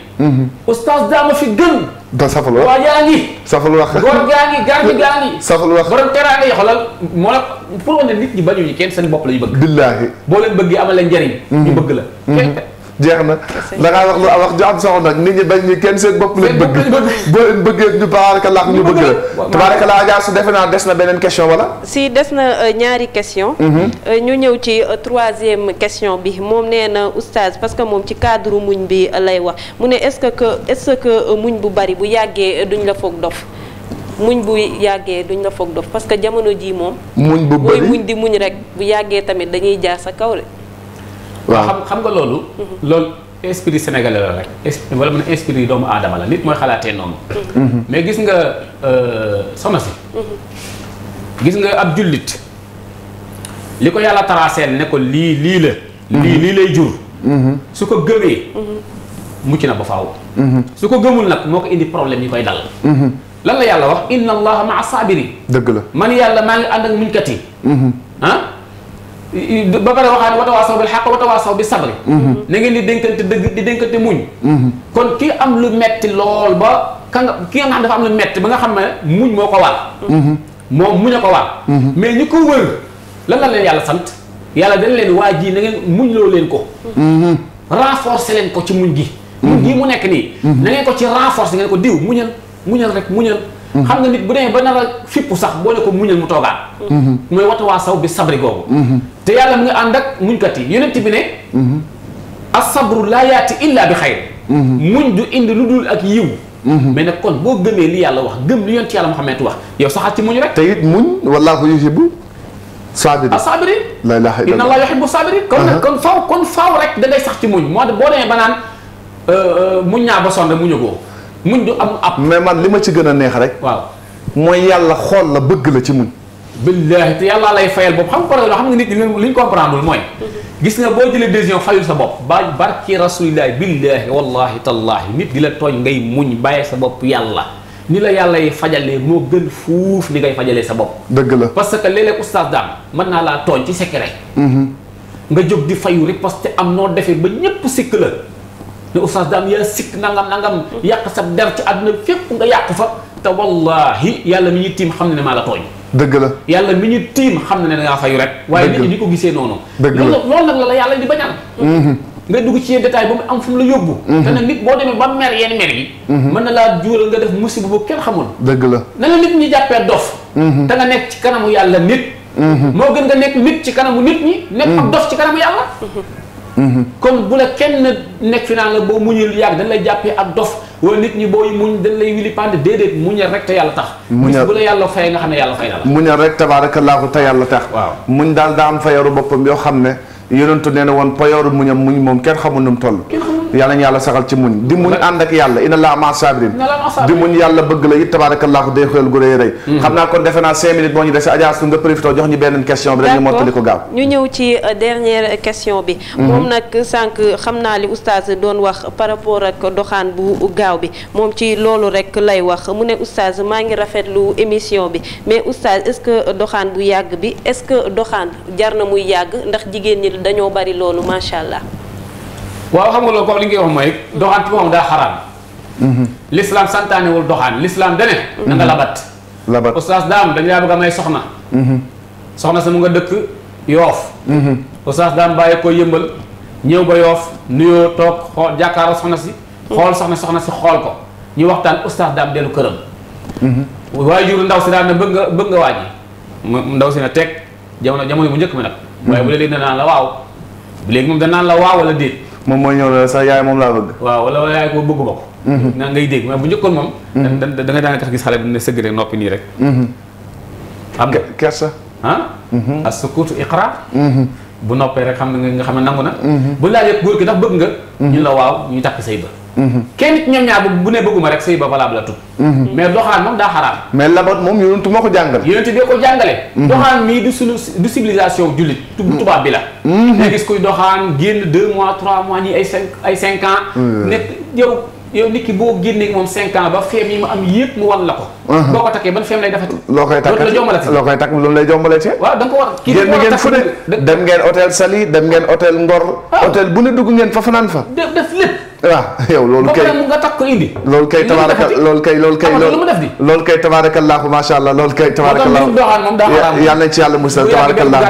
oustaz daa ma fi gën. da safal wax waa yaa ngi. safal wax góor gaa ngi gaa ngi gaa ngi. safal wax borom teraanga yi xoolal moo la pour wane nit ñi bañu ñu kenn seen bopp la ñu bëgg. billaahi boo leen bëggee amal leen njëriñ. Mhm. bëgg la. Mhm. jeex na da ngaa wax lu wax ju am soxla nag nit ñi bañ ñu kenn seen bopp lañ bëgg boo leen bëggee ñu tabaarakallah ñu bëgg la tabaarakallah Adja su defe naa des na beneen question wala si des na euh, ñaari question mm-hmm. euh, ñu ñëw ci euh, troisième question bi moom nee na oustaz parce que moom ci cadre muñ bi lay wax mu ne est-ce que est-ce que muñ bu bari bu yàggee duñ la foog dof muñ bu yàggee duñ la foog dof parce que jamono jii moom muñ bu bari muñ di muñ rek bu yàggee tamit dañuy jaar sa kaw waaw xam nga loolu. Mm-hmm. loolu esprit sénégalais la rek. esprit wala mu ne doomu aadama la nit mooy xalaatee noonu. Mm-hmm. mais gis nga euh, soxna si. Mm-hmm. gis nga ab jullit li ko yàlla taraseel ne ko lii lii la. lii lii lay jur. su ko gëmee. mucc na ba faaw. su ko gëmul nag moo ko indi problème yi koy dal. lan la yàlla wax inna allaha maa saabiri. dëgg la man yàlla maa ngi ànd ak muñkat yi. ah. ba pare waxaane wa tawaasaw bil xaq wa tawaasaw bi sabri mhm. na ngeen di dénkante dëgg di dénkante muñ mhm. kon ki am lu metti lool ba ka nga ki nga xam dafa am lu metti ba nga xam ne muñ moo ko war mhm. moom muñ a ko war mais ñi ko wër la la leen yàlla sant yàlla dañ leen waa ji na ngeen muñ loo leen ko renforcer leen ko ci muñ gi muñ gi mu nekk nii na ngeen ko ci renforcer ngeen ko diw muñal muñal rek muñal Mm-hmm. xam nga nit bu demee ba nar a fippu sax boo ne ko muñal mu toogaat mm-hmm. mooy wata waa saw bi sabri googu mm-hmm. te yàlla mu ngi ànd ak muñkat yi yonent bi ne asabru laa yaati illa bi xayr muñ du indi lu ak yiw mais nag kon boo gëmee li yàlla wax gëm li yonent yàlla Muhammad wax yow saxal ci muñ rek te it muñ wallaahu yuhibbu saabiri saabiri la ilaha illa inna allah yuhibbu saabiri kon nag uh-huh. kon faaw kon faaw rek da ngay sax ci muñ moo boo demee ba naan euh, euh, muñ naa ba sonn muñu ko muñ du am ab. mais man li ma ci gën a neex rek. waaw mooy yàlla xool la bëgg la ci muñ. billaahi te yàlla lay fayal bopp xam problème xam nga nit ñi li ñu comprendre mooy. gis nga boo jëlee décision fayul sa bopp ba barki rasulilah billaahi wallaahi tallaahi nit di la tooñ ngay muñ bàyyi sa bopp yàlla ni la yàlla yi fajalee moo gën fuuf ni ngay fajalee sa bopp. dëgg la parce que léeg-léeg oustaz daam mën naa laa tooñ ci secret. Mm-hmm. nga jóg di fayu riposte am noo defee ba ñëpp sikk la. ne oustaz daam yaa sikk nangam nangam yàq sa der ci àdduna fépp nga yàq fa te wallahi yàlla mi ñu tiim xam ne ne maa la tooñ dëgg la yàlla mi ñu tiim xam ne ne dangaa fayu rek waaye nit gisee noonu loolu nag la la yàlla di bañal mm-hmm. nga dugg ci détail ba mu am fu mu la yóbbu mm-hmm. te nag nit boo demee ba mer yenn mer yi mm-hmm. mën na laa jural nga def musiba bu kenn xamul dëgg la na la nit ñi jàppee dof te nga nekk ci kanamu yàlla nit moo gën nga nekk nit ci kanamu nit ñi nekk ak dof ci kanamu yàlla comme bu la kenn nekk fi naan la boo muñul yàgg dañ lay jàppee ak dof wala nit ñi booy muñ dañ lay wili pande déedéet muñal rek te yàlla tax mu muñal bu la yàlla fay nga xam ne yàlla fay na la muñal rek tabaarakallaahu te yàlla tax waaw mu daal daa am fayoru boppam yoo xam ne yonentu nee na woon payooru mu muñ moom kenn xamul nu mu toll yàlla na yàlla saxal ci muñ di muñ ànd ak yàlla inna laa ma sabirin di muñ yàlla bëgg la it tabaarakallaahu day xool gu rëy rëy mm-hmm. xam naa kon defe naa cinq minutes moo ñu dese Adja Astou nga profité jox question bi rek euh, mm-hmm. moom nag sànq xam naa li oustaz doon wax par rapport ak doxaan bu gaaw bi moom ci loolu rek lay wax mu ne oustaz maa ngi rafetlu émission bi mais oustaz est-ce que doxaan bu yàgg bi est-ce que doxaan jar na muy yàgg ndax jigéen ñi dañoo bari loolu macha allah waaw xam nga loolu comme li ngay wax mooy doxaan ci moom daa xaraam mhm. l'islam santaanewul doxaan l'islam dane na nga mhm. labat labat oustaz daam dañ laa bëgg a may soxna mhm. soxna sa mu nga dëkk yoof oustaz daam bàyyi ko yëmbal ñëw ba yoof nuyoo toog xool jàkkaaroo soxna si xool soxna soxna si xool ko ñu waxtaan oustaz daam dellu këram waajur ndaw si daal ne bëgg nga bëgg nga waaj ndaw si na teg jamono jamono bu njëkk mi nag waaye bu léegi danaan la waaw bu léegi moom la waaw moom mooy ñëw la sax yaay moom laa bëgg waaw wala wala yaay ko bëggu ma ko mhm. na ngay dégg mais bu njëkkoon moom mhm. da nga daanaka gis xale bi ne sëgg rek noppi nii rek mhm. xam nga kersa ah as-sukuutu iqrar bu noppee rek xam nga nga xam ne nangu na bu laajee góor gi ndax bëgg nga ñu la waaw ñu takk say ba kenn nit ñoom ñaar bu ne bëgguma rek sëy ba valable la tudd mais doxaan moom daa xaraam mais labat moom yonentu moo ko jàngal yonentu dee ko jàngale mhm. doxaan mii du mhm. tubaab bi la mhm. nga gis kuy doxaan génn deux mois trois mois ñi ay cinq ay cinq ans nekk yow yow nit ki boo génnee moom cinq ans ba feem yi ma am yëpp mu wan la ko boo ko takkee ban feem lay defati loo koy takk la jombalati loo koy loolu lay jombalati waaw da nga ko war kii génn ngeen fu ne dem ngeen hôtel Saly dem ngeen hôtel Ngor ah. hôtel bu ne dugg ngeen fa fanaan fa def lépp waaw yow loolu kay nga takk ko indi. loolu kay tabaaraka loolu kay loolu kay loolu kay tabaarakallaahu macha allah loolu kay tabaarakallaahu yàlla na ci yàlla musal tabaarakallaahu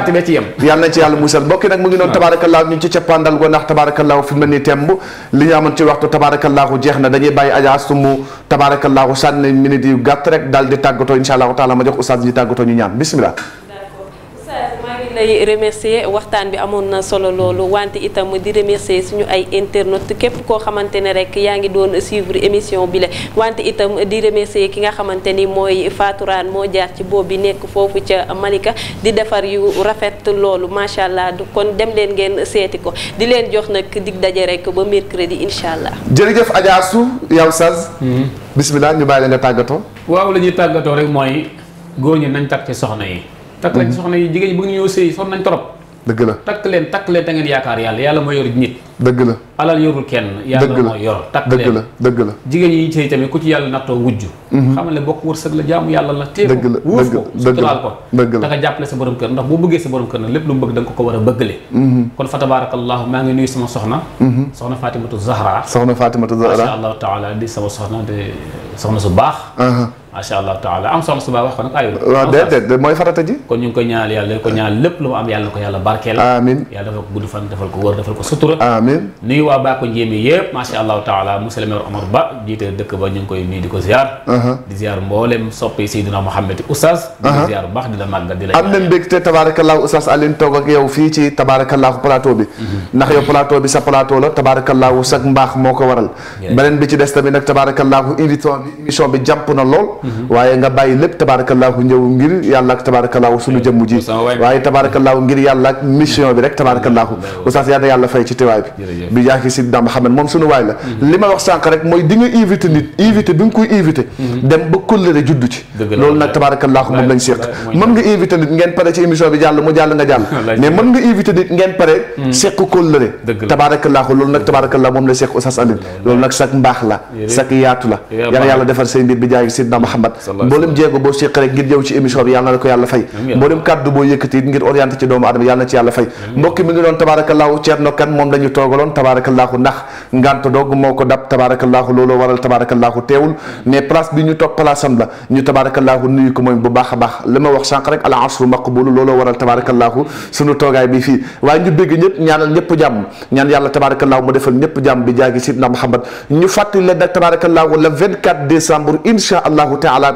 yàlla na ci yàlla mbokk yi nag mu ngi noonu tabaarakallaahu ñu ci cappandal go ndax tabaarakallaahu fi mu ne nii temb li ñu amoon ci waxtu tabaarakallaahu jeex na dañuy bàyyi aja sumu tabaarakallaahu sànni yu gàtt rek daal di tàggatoo incha taala ma jox oustaz ji tàggatoo ñu ñaan bismillah lay remercier waxtaan bi amoon na solo loolu wante itam di remercier suñu ay internet képp koo xamante ne rek yaa ngi doon suivre émission bi la wante itam di remercier ki nga xamante ni mooy faaturaan moo jaar ci boobu bi nekk foofu ca Malika di defar yu rafet loolu macha allah kon dem leen ngeen seeti ko di leen jox nag dig daje rek ba mercredi incha allah. jërëjëf Adja Assou yow Saz. Mm-hmm. bismillah ñu bàyyi la nga tàggatoo. waaw la tàggatoo rek mooy góor ñi nañ soxna yi. takk leen mhm. soxna yi jigéen ñi bëgg nañoo sëy sonn nañ trop dëgg la takk leen takk leen da ngeen yaakaar yàlla yàlla moo yor nit dëgg la alal yorul kenn yàlla moo yor takk leen dëgg la dëgg la jigéen yi sëy tamit ku ci yàlla nattoo wujj mhm. xamal ne bokk wërsëg la jaamu yàlla la téye ko ko suturaal ko dëgg jàppale sa borom kër ndax boo bëggee sa borom kër nag lépp lu mu bëgg da ko ko war a bëggale mhm. kon fa tabarakallahu maa ngi nuyu sama soxna soxna Fatimatu Zahra soxna macha allah taala am soxna subaa wax ko nag ayul waaw déedéet mooy farata ji kon ñu ngi koy ñaanal yàlla ko ñaanal lépp lu mu am yàlla ko yàlla barkeel amiin yàlla defal ko gudd fan defal ko wër defal ko sutura amiin nuyu waa baa ko njéemi yëpp macha allah taala monsieur le maire Omar Ba jiite dëkk ba la na mbégte tabarakallah oustaz Alioune toog yow fii ci tabarakallah plateau bi mhm. ndax yow plateau bi sa plateau la tabarakallah sax mbaax moo ko waral beneen bi ci des tamit nag tabarakallah émission bi jàpp na lool Mm-hmm. waaye nga bàyyi lépp tabaarakallaahu ñëw ngir yàlla ak tabaarakallaahu jëmm ji waaye tabaarakallaahu ngir yàlla mission bi rek tabaarakallaahu mm-hmm. oustaz yàlla fay ci teewaay bi bi yaa ngi si dam moom suñu waay la mm-hmm. li ma wax sànq rek mooy di nga invité nit invité bi nga koy invité dem ba kóllëre juddu ci loolu nag tabaarakallaahu moom lañ séq mën nga invité nit ngeen pare ci émission bi jàll mu jàll nga jàll loolu nag tabaarakallaahu la séq oustaz Alioune mbaax la sax yaatu la yàlla defar seen mbir bi jaay si dam Muhammad mboolem jéego boo séq rek ngir jëw ci émission bi yàlla na ko yàlla fay mboolem kàddu boo yëkkati ngir orienté ci doomu adama yàlla na ci yàlla fay mbokki mi ngi doon tabaarakallaahu Ceerno Kan moom la ñu toogaloon tabaarakallaahu ndax ngànt doog moo ko dab tabaarakallaahu baax a baax li ma wax sànq rek al asru maqbulu looloo waral tabaarakallaahu sunu toogaay bi fii waaye ñu bégg ñëpp ñaanal ñëpp jàmm ñaan yàlla tabaarakallaahu mu defal ñëpp jàmm bi jaagi sidna Muhammad ñu fàttali leen nag tabaarakallaahu le 24 décembre incha allahu taala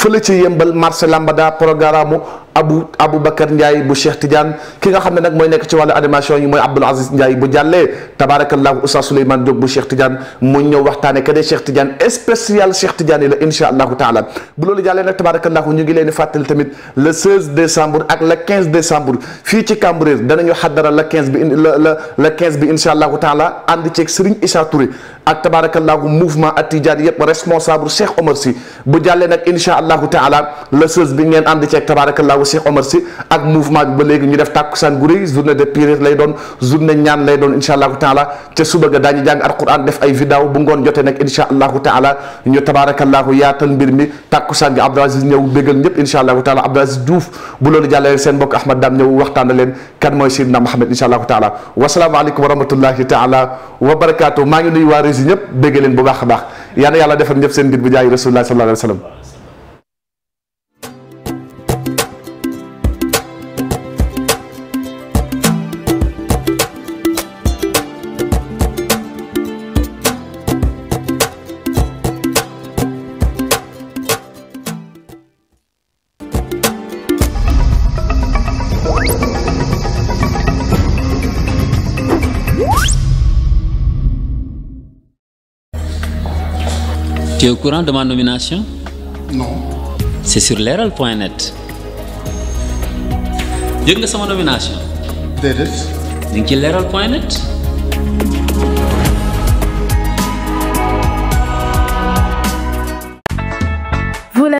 fële ca yëmbal marché lambada programme abu Aboubacar Ndiaye bu Cheikh Tidiane ki nga xam ne nag mooy nekk ci wàllu animation yi mooy Abdoul Aziz Ndiaye bu jàllee tabarakallahu Oustaz Souleymane Diop bu Cheikh Tidiane mu ñëw waxtaane ka ne Cheikh Tidiane spécial Cheikh Tidiane la insha allahu taala bu loolu jàllee nag tabarakallahu ñu ngi leen di fàttali tamit le 16 ak le 15 fii ci Cambérène danañu xaddara la la le 15 bi insha allahu taala ànd ceeg Serigne Issa Touré ak tabarakallahu mouvement atijaan yëpp responsable Cheikh Cheikh Omar Sy ak mouvement bi ba léegi ñu def tàkkusaan gu rëy journée de prière lay doon journée ñaan lay doon incha allahu taala te suba ga daañu jàng alquran def ay vidéo bu ngoon jotee nag incha allahu taala ñu tabaarakallahu yaatal mbir mi tàkkusaan gi Abdou Aziz ñëw bégal ñëpp incha allahu taala Abdou Aziz Diouf bu loolu jàllee seen mbokk Ahmad Dam ñëw waxtaan leen kan mooy Seydina Mohamed incha allahu taala wasalaamaaleykum wa rahmatullahi taala wa barakaatu maa ngi nuyu waa Rési ñëpp bégg leen bu baax a baax yàlla yàlla defal ñëpp seen mbir bu jaay rasulullah courant de ma nomination non leeral point net yëg nga sama nomination déedéet ñu ngi ci leeral point net